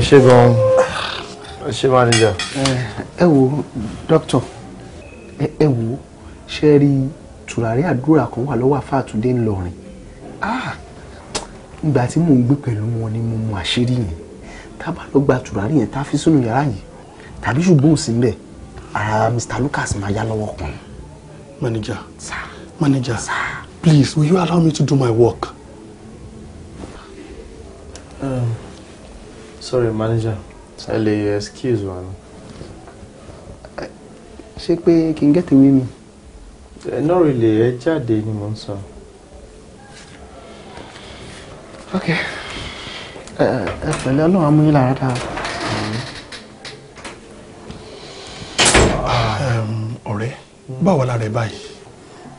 ṣé gan ṣé manager. ẹ wo dókítà ẹ wo ṣe rí tùràrí àdúrà kan wà lọ́wọ́ àfáà Túndé ńlọrin ìgbà tí mò ń gbé pẹ̀lú wọn ni mo mọ àṣírí yẹn tá a bá lọ gba tùràrí yẹn tá a fi sínú yàrá yìí tàbí ṣùgbọ́n òsì ńbẹ ara Mr. Lucas máa yá lọ́wọ́ kan. manager sir manager sir please will you allow me to do my work. Um, sorry manager ẹ lè excuse wa ni. ṣé pé kí n gẹ́tẹ̀wé mi. not really ẹ jáde ni mo ń sọ ok ẹ ẹ pẹ̀lẹ́ ọlọ́run amúyín lára dáa. Ah, ọ̀rẹ́ báwo la rẹ̀ báyìí.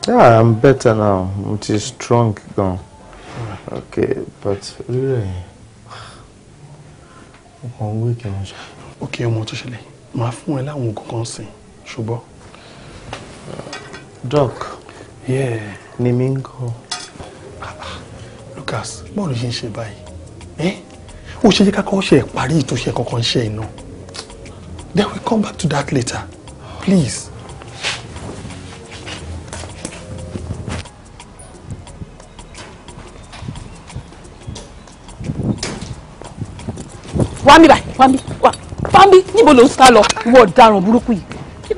yeah i'm better now mo ti strong gan ok but rírẹ̀ mo kàn ń wéèkì wọn ṣá. ok ọmọ tó ṣẹlẹ̀ màá fún ẹ láwọn oògùn kan sìn doc. yeah. ni Dorcas báwo ló ṣe ń ṣe báyìí ẹ ó ṣe jẹ́ ká kọ́ ṣe parí ìtúnṣe kankan ṣe iná then we come back to that later please. wá mi báyìí wá mi wá mi níbo ló ń sá lọ ìwọ ọ̀daràn burúkú yìí.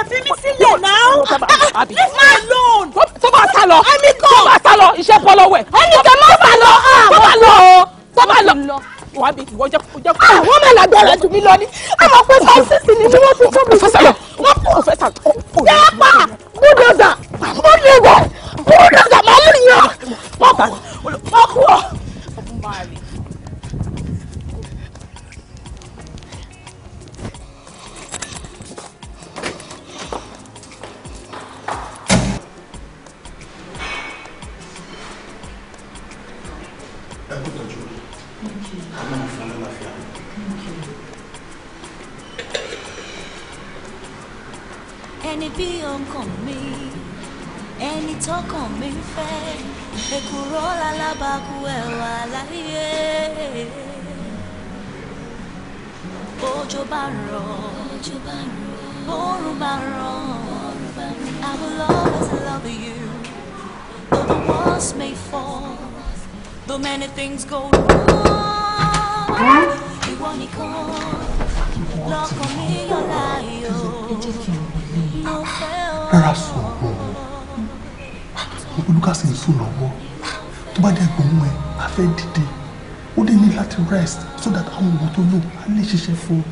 ẹ fi mí sílẹ̀ náà. leave me alone. tó bá sá lọ tó bá sá lọ iṣẹ́ bọ́ lọ́wọ́ ẹ̀. ẹnìkan má bà lọ tó bá lọ tó bá lọ. wà á bí ìwọ jẹ́ kó jẹ́ kó. àwọn ọmọ ẹlẹgbẹrẹ jù mí lọ ni àmọ́ pé fásitì ni wọ́n fi tóbi. professor lọ professor. jẹ́ pa búdọ̀dà búdọ̀dà. ekuro lalabaku ẹwà láyé òjò baro, rọ̀ baro. bá rọ̀ I will always love you though the walls may fall though many things go wrong you ìwọ nìkan lọ́kàn mi yọ láàyò mo fẹ́ ọ. Lucas ń sùn lọ́wọ́ tó bá dẹ̀ gbóhùn ẹ̀ á fẹ́ dìde ó dẹ̀ ní láti rest so that àwọn òògùn tó lò á lè ṣiṣẹ́ fún un.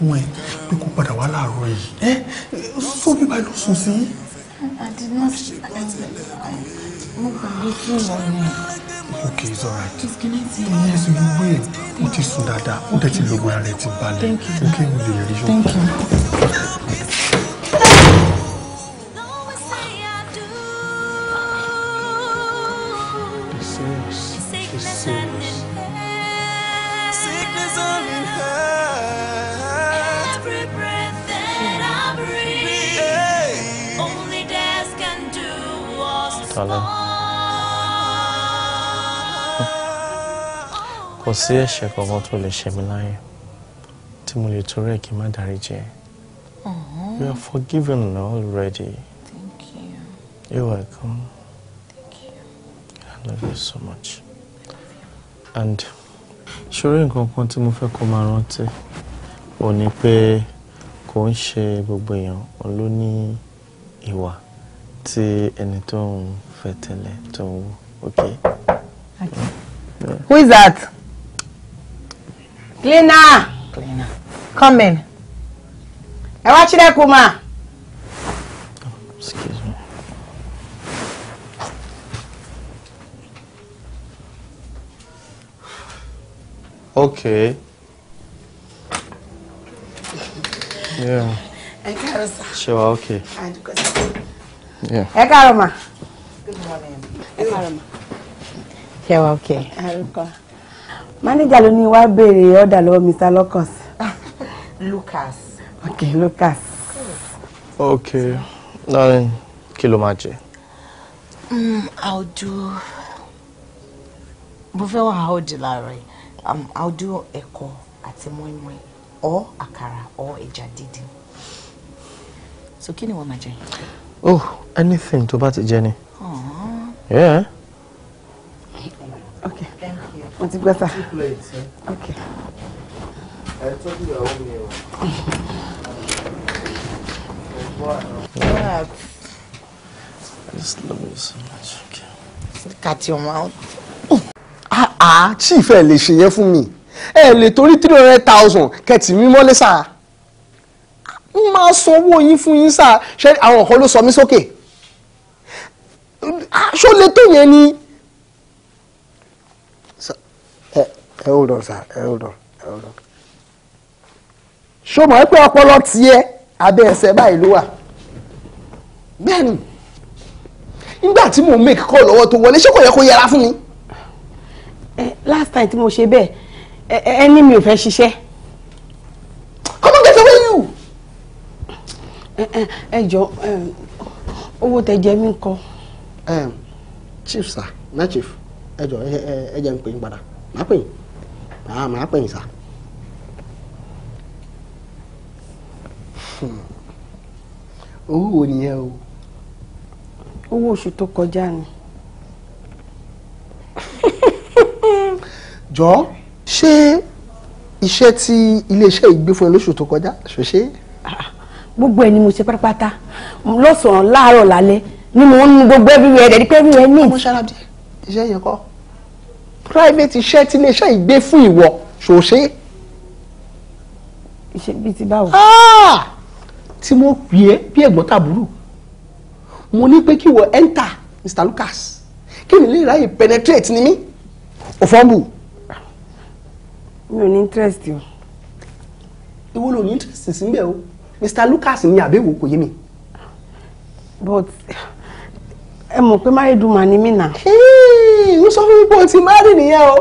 fún ẹ pé kó padà wá láàárọ̀ yìí ẹ sọ bíbá ló sùn sí. I did not. Okay, it's alright. Please, can Yes, you will. Ó e. ti sùn dáadáa, ó dẹ̀ ti lògùn ara rẹ̀ ti balẹ̀. Thank you. Okay, we'll lè rí yọ. Thank you. serious. She's serious. lọ. kò sí ẹ̀ṣẹ̀ kankan tó lè ṣe mí láyé tí mo lè torí ẹ̀ kí n má dáríjì ẹ́. Uh-huh. you are forgiven already. thank you. you're welcome. thank you. I love you so much. and ṣorí nǹkan kan tí mo fẹ́ kó máa rántí ò ní pé kò ń ṣe gbogbo èèyàn ló ní ìwà tí ẹni tó ń fẹ́ tẹ́lẹ̀ tó ń wò okay. Who is that? Cleaner. Cleaner. Come in. Ẹ wá ṣílẹ̀kùn mà. Excuse me. Okay. Yeah. Sure. okay? ẹ káàárọ̀ good morning káàárọ̀ ma. ṣe wa ok. mánéjà ló ní wá béèrè ọ̀dà lọ́wọ́ Mr. Lucas. [LAUGHS] Lucas. ok Lucas. ok darling kí ló mm, I'll do mo fẹ́ wà áwọ̀ di láàárọ̀ um, I'll do ẹ̀kọ àti mọ́ínmọ́ín or or so oh anything tó bá ti jẹ ni. yeah. okay mo ti gbọ́ sá. okay. ẹ tọ́jú ìyàwó mi o. I just love you so much. Okay. Cut your mouth. Ah ah, chief eh? lè ṣe yẹn for me. Eh, lè torí three hundred thousand kẹ̀tì mímọ́lé sáà n máa sanwó yín fún yín sáà ṣe àwọn kan ló sọ mí sókè aṣọ lè tó yẹn ni. ẹ ẹ hold on sir ẹ hold on ẹ hold on. ṣó mọ̀ báyìí ló wà bẹ́ẹ̀ ni nígbà tí mo make call lọ́wọ́ tó wọlé ṣé kò yẹ kó yẹra fún mi. last time tí mo ṣe bẹ́ẹ̀ ẹni mi ò fẹ́ ṣiṣẹ́. come on get ẹ jọ owó tẹ jẹ mí kọ. chief sir na chief ẹ jọ ẹ jẹ ń pè yín padà màá pè yín màá ah, màá pè yín sir. Hmm. owó wo nìyẹn o. owó oṣù tó kọjá ni. [LAUGHS] jọ ṣé iṣẹ́ tí iléeṣẹ́ yìí gbé fún ẹ lóṣù tó kọjá ṣòṣe gbogbo ẹ̀ ni mo ṣe pátápátá lọ́sàn-án láàárọ̀ lálẹ́ ni mo ń nu gbogbo ẹbí rẹ̀ ẹ̀rí pé ẹbí rẹ̀ ní. mọ́ṣáláàdì iṣẹ́ yẹn kọ́ private iṣẹ́ tí iléeṣẹ́ ìgbé fún ìwọ ṣòṣe. iṣẹ́ bíi ti báwo. Ah! tí mo pè é bí ẹ̀gbọ́n tàbúrò mo ní pé kí wọ́n enter Mr. Lucas kí mi lè ráyè penetrate ni mí òfòmbù. mi ò ní interest o. ìwọ ní interest sí mbẹ́ o. Mr. Lucas ni àbẹ̀wò kò yé mi. but ẹ mọ̀ pé married woman ni mí nà. ń sọ fún mi pé o ti marry nìyẹn o.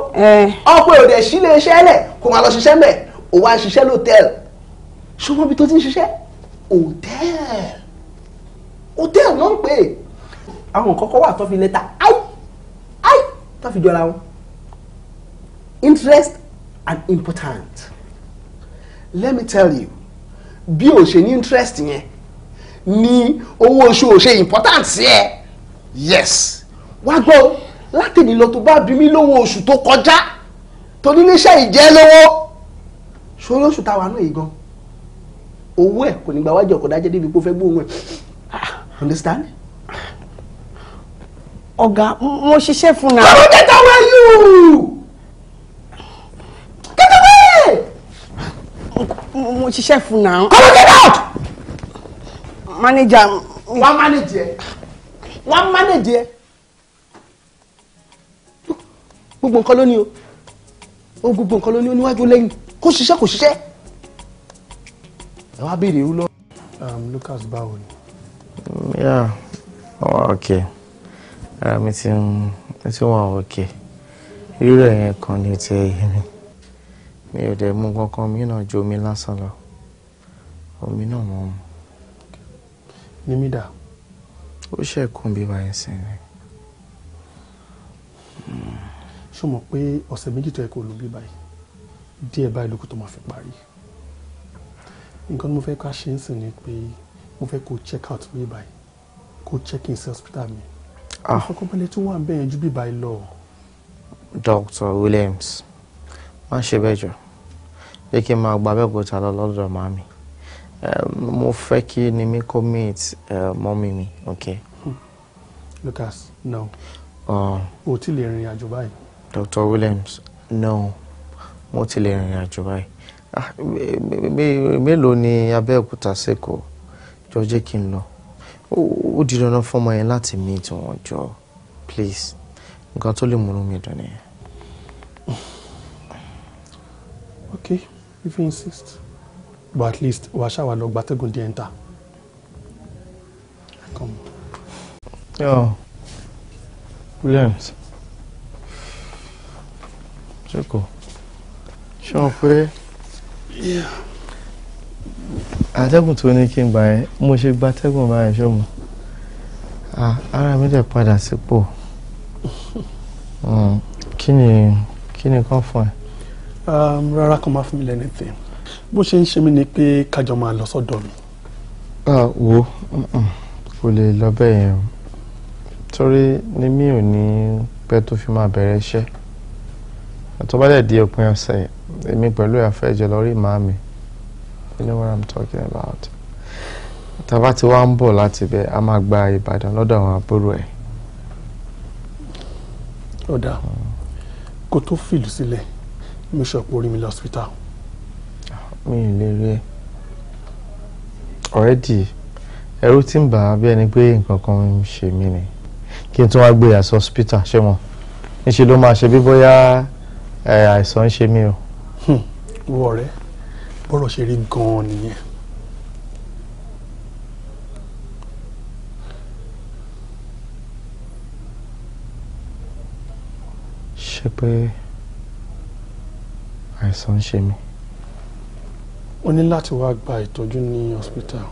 ọkọ èrò ẹ̀ sílé iṣẹ́ lẹ̀ kó máa lọ ṣiṣẹ́ mbẹ̀ ó wá ṣiṣẹ́ lọ́tẹ́ẹ̀lì ṣùgbọ́n ibi tó ti ń ṣiṣẹ́ hòtẹ́ẹ̀lì hòtẹ́ẹ̀lì ló ń pè é àwọn kọ́kọ́ wà tó fi lẹ́tà áì áì tó fi jọra wọn interest and important let me tell you bí o ṣe ní interest yẹn ní owó oṣù o ṣe important sí ẹ yes wá gbọ́ látẹ̀lé lọ tó bá bí mi lówó oṣù tó kọjá torí iléeṣẹ́ ìjẹ́ lówó ṣòro oṣù táwa náà yìí gan owó ẹ̀ kò ní gba wájú ọ̀kọ̀dá jẹ́ débi fẹ́ gbóhùn ẹ̀ ah, understand. ọ̀gá mo ṣiṣẹ́ fún náà. kọ́lọ́dé táwọn yóò. mo ṣiṣẹ́ fún náà. come get out. manager. wọ́n manage ẹ wọ́n manage ẹ gbogbo nǹkan ló ní o ó gbogbo nǹkan ló ní o níwájú lẹ́yìn kó ṣiṣẹ́ kò ṣiṣẹ́ ẹ wá béèrè irú lọ. Um, Lucas báwo ni. yà wà òkè ara mi ti ń wà òkè irú rẹ̀ yẹn kan ní ti ẹ̀yẹ mi mi ò dẹ̀ mú kankan mi náà ju omi lásán lọ omi náà mọ̀ mu. ní mídà. ó ṣẹ̀kún bí wàá ẹsẹ̀ ni. ṣó mọ̀ pé ọ̀sẹ̀ méjì tó yẹ kó lò bí báyìí díẹ̀ báyìí lóko tó máa fi parí nǹkan mo fẹ́ ká ṣe ń sìn ni pé mo fẹ́ kó check out bí báyìí kó check in sí hospital mi. àfọkànbalẹ̀ ah. tó wà ń ju bí báyìí lọ. Dr. Williams má ṣe bẹ́ẹ̀ jọ jẹ́ kí n máa gba abẹ́òkúta lọ lọ́dọ̀ màmí mo fẹ́ kí ni mi kó meet mọ́mí mi ok. Hmm. Lucas no. o ti lè rìnrìn àjò báyìí. Dr. Williams no mo ti lè rìnrìn àjò báyìí ah, mélòó ni abẹ́òkúta sẹ́kọ̀ọ́ jọ jẹ́ kí n lọ ó di dandan fún ọmọ yẹn láti meet wọn jọ please nǹkan tó lè múnú mi dùn nìyẹn. okay if you insist but at least wà á ṣàwà lọ gbatẹ́gùn díẹ̀ ń ta. Williams jókòó ṣé wọn pé àtẹ́gùn tó ní kí n gbà yẹn mo ṣe gbatẹ́gùn báyẹn ṣé mo ara mi dẹ̀ padà sípò hmm, kí ni kí ni kàn fún ẹ. Um, rárá kan máa fún mi lẹ́nu tẹ̀ bó ṣe ń ṣe mí ni pé kájọ máa lọ sọ́dọ̀ mi. wo kò lè lọ bẹ́ẹ̀ yẹn o torí ni mi ò ní pẹ́ tó fi máa bẹ̀rẹ̀ iṣẹ́ àtọ́bálẹ̀ di òpin ọ̀sẹ̀ èmi pẹ̀lú àfẹ́jọ lórí màmí you know what I'm talking about tàbá ti wá ń bọ̀ láti bẹ̀ a máa gba Ìbàdàn lọ́dọ̀ àwọn àbúrò ẹ̀. ọ̀dà kò tó fìlú sílẹ̀. Si mi sọ pé orí mi lọ hospital. mi ò lè rí ẹ already ẹ̀rù tí ń bà á bí ẹni pé nǹkan kan ń ṣe mí ni kí n tún wá gbé àṣọ e hospital ṣé mo níṣẹ́ ló máa ṣe bí bóyá àìsàn ń ṣe mí o. Hmm. wọ ọ̀rẹ́ bọ́rọ̀ ṣe rí gan nìyẹn. ṣe pé àìsàn ń ṣe mí. o ní láti wá gba ìtọ́jú ní hospital.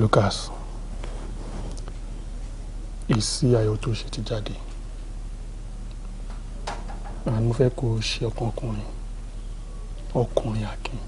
Lucas èsì àyẹ̀wò tó ṣe ti jáde àwọn mo fẹ́ kó o ṣe ọkàn ọkùnrin ọkùnrin akin.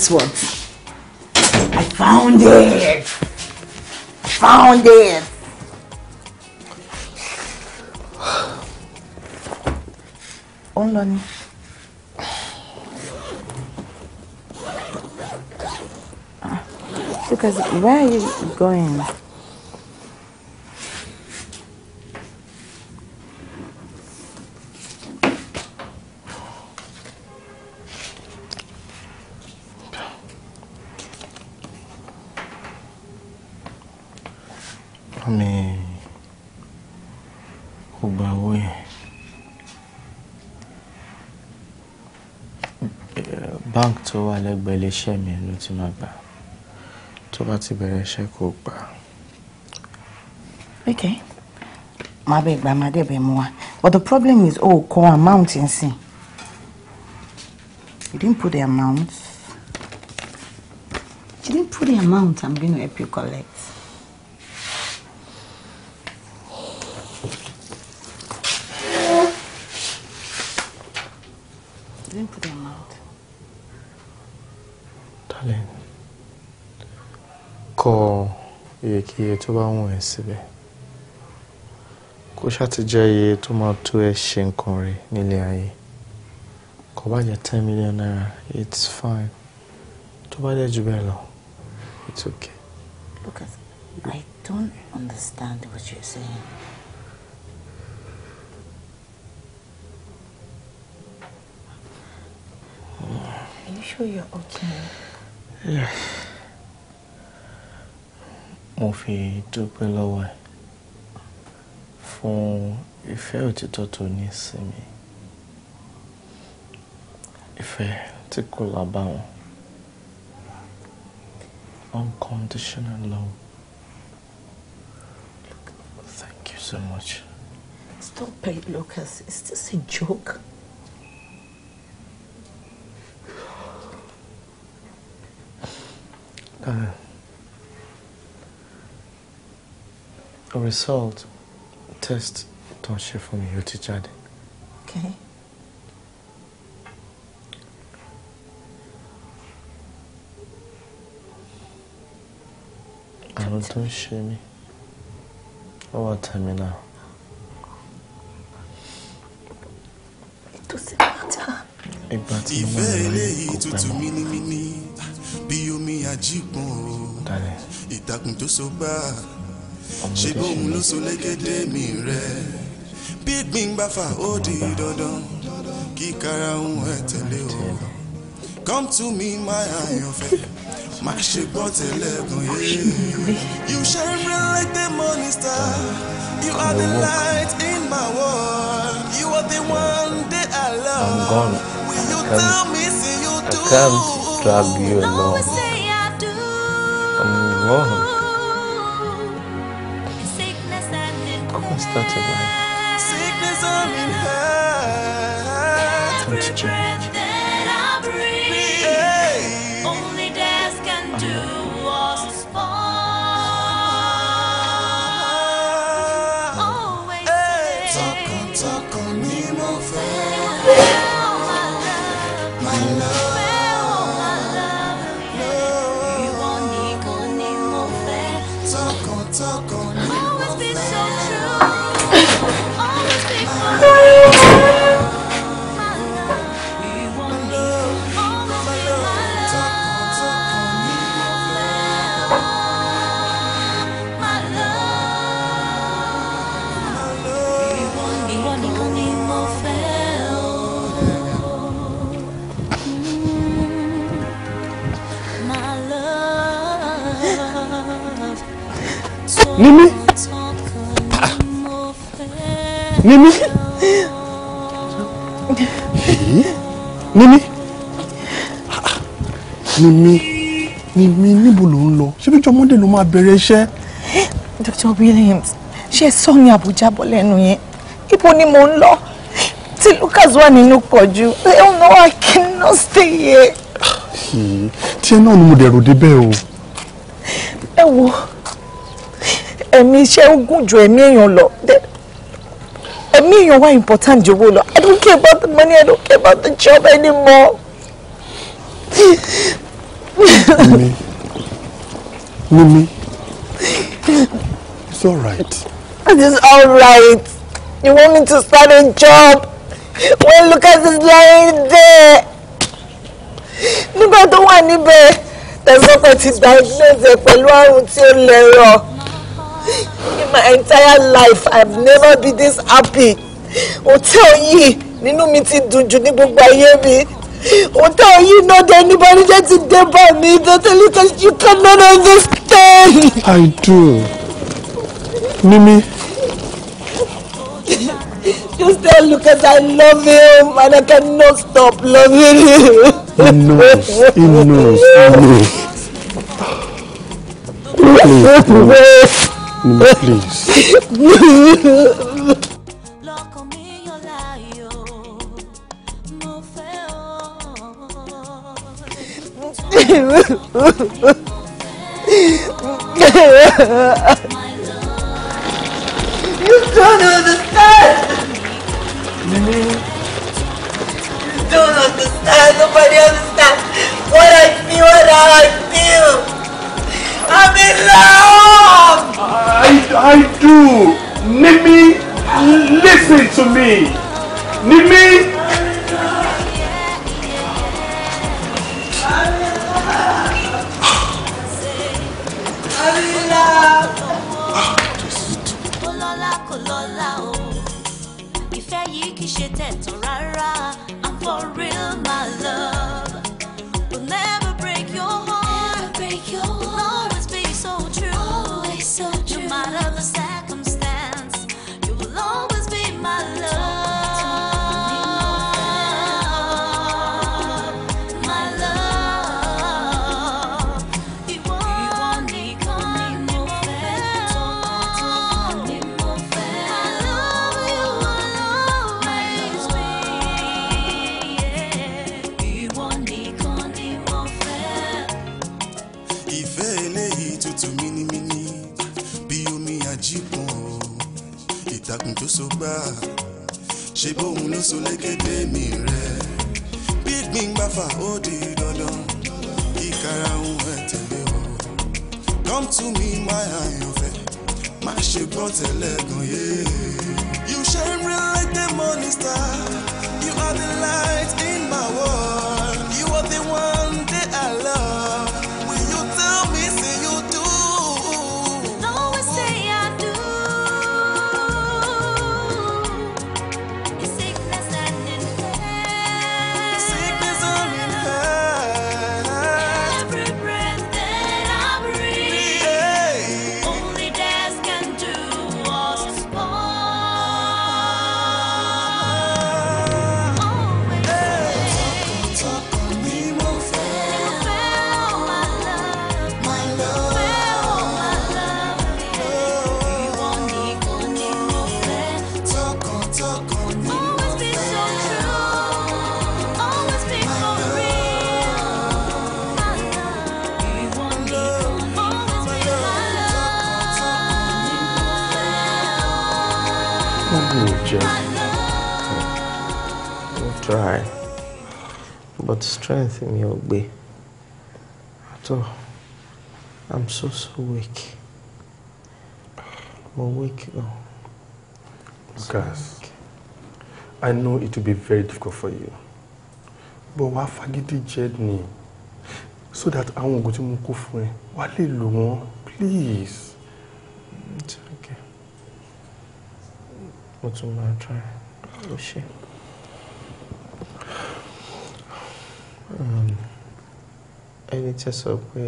guess what? I found it! Found it! Ó ń ah, Because where are you going? bank tó wà lẹ́gbẹ̀ẹ́ ilé mi ló ti máa gbà tó bá ti bẹ̀rẹ̀ iṣẹ́ kó gbà. okay màá bẹ gbà màá dẹ̀ bẹ mú wa but the problem is o oh, kọ amount n sin you didn't put the amount you didn't put the amount i'm gonna help you collect. iye tó bá wù ẹ́ síbẹ̀ kó ṣáà ti jẹ́ iye tó máa tó ẹ ṣe nǹkan rẹ̀ nílé ayé kò bá jẹ́ ten million naira it's fine tó bá jẹ́ jù bẹ́ẹ̀ lọ it's okay. Lucas, I don't understand what you're saying. Are you sure you're okay? Yeah mo fi dúpẹ́ lọ́wọ́ ẹ̀ fún ìfẹ́ òtítọ́ tó ní sí ìfẹ́ tí kò lábàwọ́n unconditional love. Thank you so much. Stop it, Lucas. Is this a joke? A result test don't ń for me. mi ó ti jáde. Okay. àrùn tó ń ṣe mí ó now? It doesn't matter. ìgbà tí mo ń rí kò pẹ́ mọ́. bí omi àjípọ̀n ìtàkùn tó so bá ṣe bóun ló so lẹ́gẹ́dẹ́ mi rẹ̀ bí gbìngbàfà ó di dandan kí karahun ẹ tẹ̀lé o come to me my àyànfẹ́ má ṣe gbọ́ tẹ̀lẹ́gàn yé you shine bright like the morning star you are the light in my world you are the one that I love will you tell me say you do I can't drag you along I'm gone. started. máa bẹ̀rẹ̀ iṣẹ́. Dr. Williams ṣé ẹ sọ ní Àbújá bọ́ lẹ́nu yẹn ibo ni mò ń lọ tí Lucas wà nínú pọ̀jù ẹ̀hún náà wà kí n náà stay here. tiẹ̀ náà ni mo dẹ̀ rò débẹ̀ o. ẹ wo ẹ̀mí iṣẹ́ ń gùn ju ẹ̀mí èèyàn lọ ẹ̀mí èèyàn wá important jù owó lọ I don't care about the money I don't care about the job anymore. Mimi, it's all right. It is all right. You want me to start a job when Lucas is lying there? Nígbà tó wà níbẹ̀, tẹ̀sọ́kọ̀ ti diagnose ẹ̀ pẹ̀lú àrùn tí ó lẹ́rọ̀. In my entire life, I've never been this happy. Hotel yìí nínú mi ti dùn jù ní gbogbo ayé mi. Hotel yìí náà dé níbo ní jẹ́ ti dé bá mi. The little you cannot understand. I do. Mimi. Just tell Lucas I love him and I cannot stop loving him. He knows. He knows. He knows. Please, Mimi. Mimi, please. Ha ha ha. you don't understand! You don't understand, nobody understands what I feel and how I feel! I'm in love! I, I do! Nimi, listen to me! Nimi, Olọ́lá kò lọ́lá o, ìfẹ́ yìí kì í ṣe tẹ̀tàn rárá, I'm for real my love. sólégédé mi rẹ gbígbín gbàfà ó di dandan ìkarahun ẹ tẹ̀lé o come to me my àyànfẹ́ má ṣe gbọ́ tẹ́lẹ̀ gan. tí mi ò gbé àtọ i'm so so weak mo weak gan. Lucas i know it will be very difficult for you but wàá fagídí jẹ ni so that àwọn oògùn tí mo kó fún ẹ wàá lè lò wọ́n please. it's okay mo tún máa try ó oh, ṣe. ẹni tẹ́ sọ pé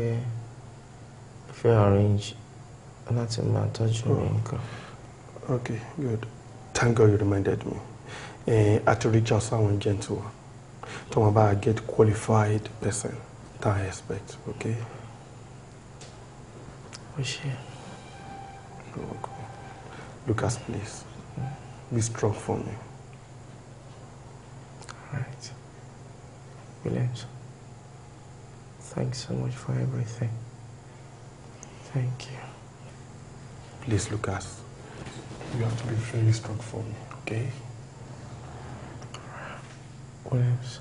fẹ́ arrange láti máa tọ́jú mi oh. nǹkan. okay good thank God you reminded me àti reach out sáwọn gent wa tó wọn bá get qualified person that I expect okay. ó ṣe. Lucas please be strong for me. All right. Williams, thanks so much for everything. Thank you. Please, Lucas, you have to be very strong for me, okay? Williams,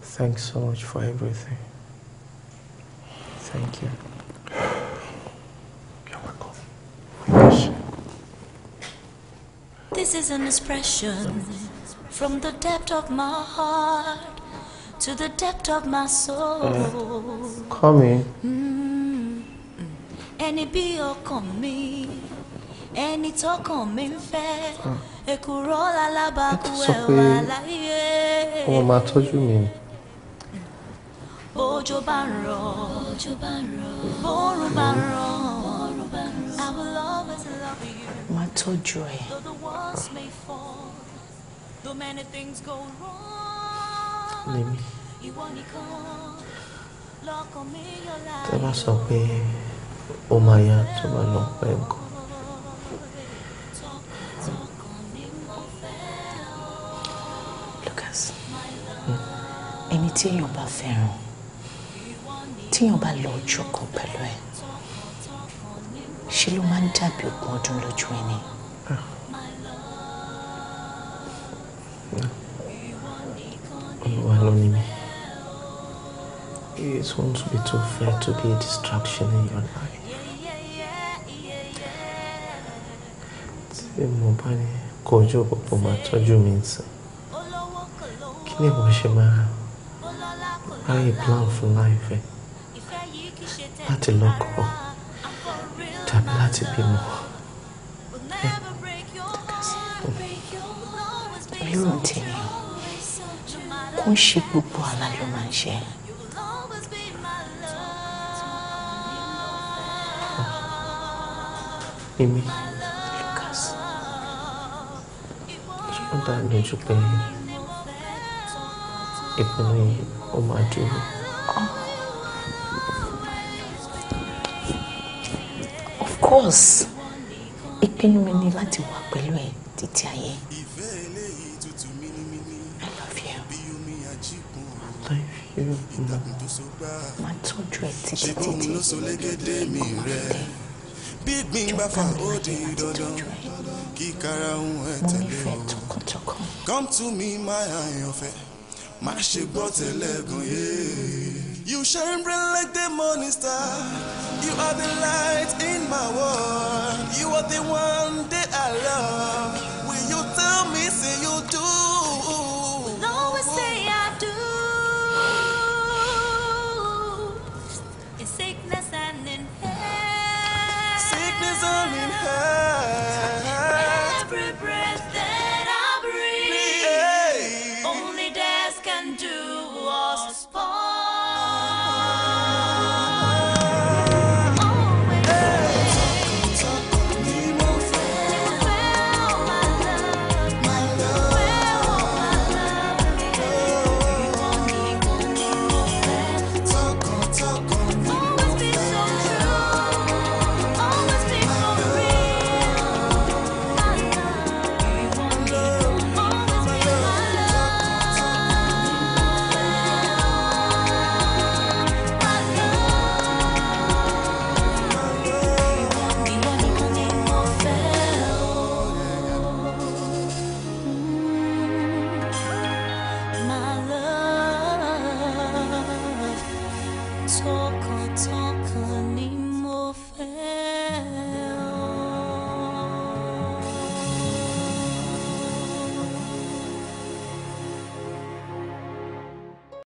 thanks so much for everything. Thank you. This is an expression from the depth of my heart to the depth of my soul. Mm. Mm-hmm. Come in. Mm. Ẹni bí ọkàn mi, ẹni tọkàn mi ń fẹ́, èkùrọ́ alábàákú ẹ̀wà láyé. Ọmọ máa tọ́jú you. ni. Bójò mm. bá ń rọ̀, bójò banro, ń banro, bórùn bá ń mm. rọ̀, I will always love you. Máa tọ́jú ẹ. Though the walls may fall, though many things go wrong. lèmi tẹ bá sọ pé ó máa yá tó bá lọ pẹ́ nǹkan. Lucas ẹni tí èèyàn bá fẹ́ràn tíyàn bá lọ ojú kan pẹ̀lú ẹ̀ ṣe always want to be too fair to be a distraction in your life. Tí mo bá ní kojú òpópó máa tọ́jú mi sí, kí ni mo ṣe máa ráyè plan fún láìfẹ́ láti lọ́kọ tàbí láti bímọ. Olúrántí ni, kò ń ṣe gbogbo àlá ló máa ń ṣe. Mimi, Lucas, ṣé ó dá lójú pé ìpinnu yìí ó máa dúró? Of course, ìpinnu mi ni láti wà pẹ̀lú ẹ títí I love you. I love you. Màá tọ́jú ẹ títí títí. Ṣé bóun ló sọ lẹ́gẹ́dẹ́ mi rẹ̀? bí gbìngbàfà ó di dandan kíkara ohun ẹ tẹ̀lé o come to me my àyànfẹ́ má ṣe gbọ́ tẹ̀lé gan yé. you shine bright like the morning star you are the light in my world you are the one day I love.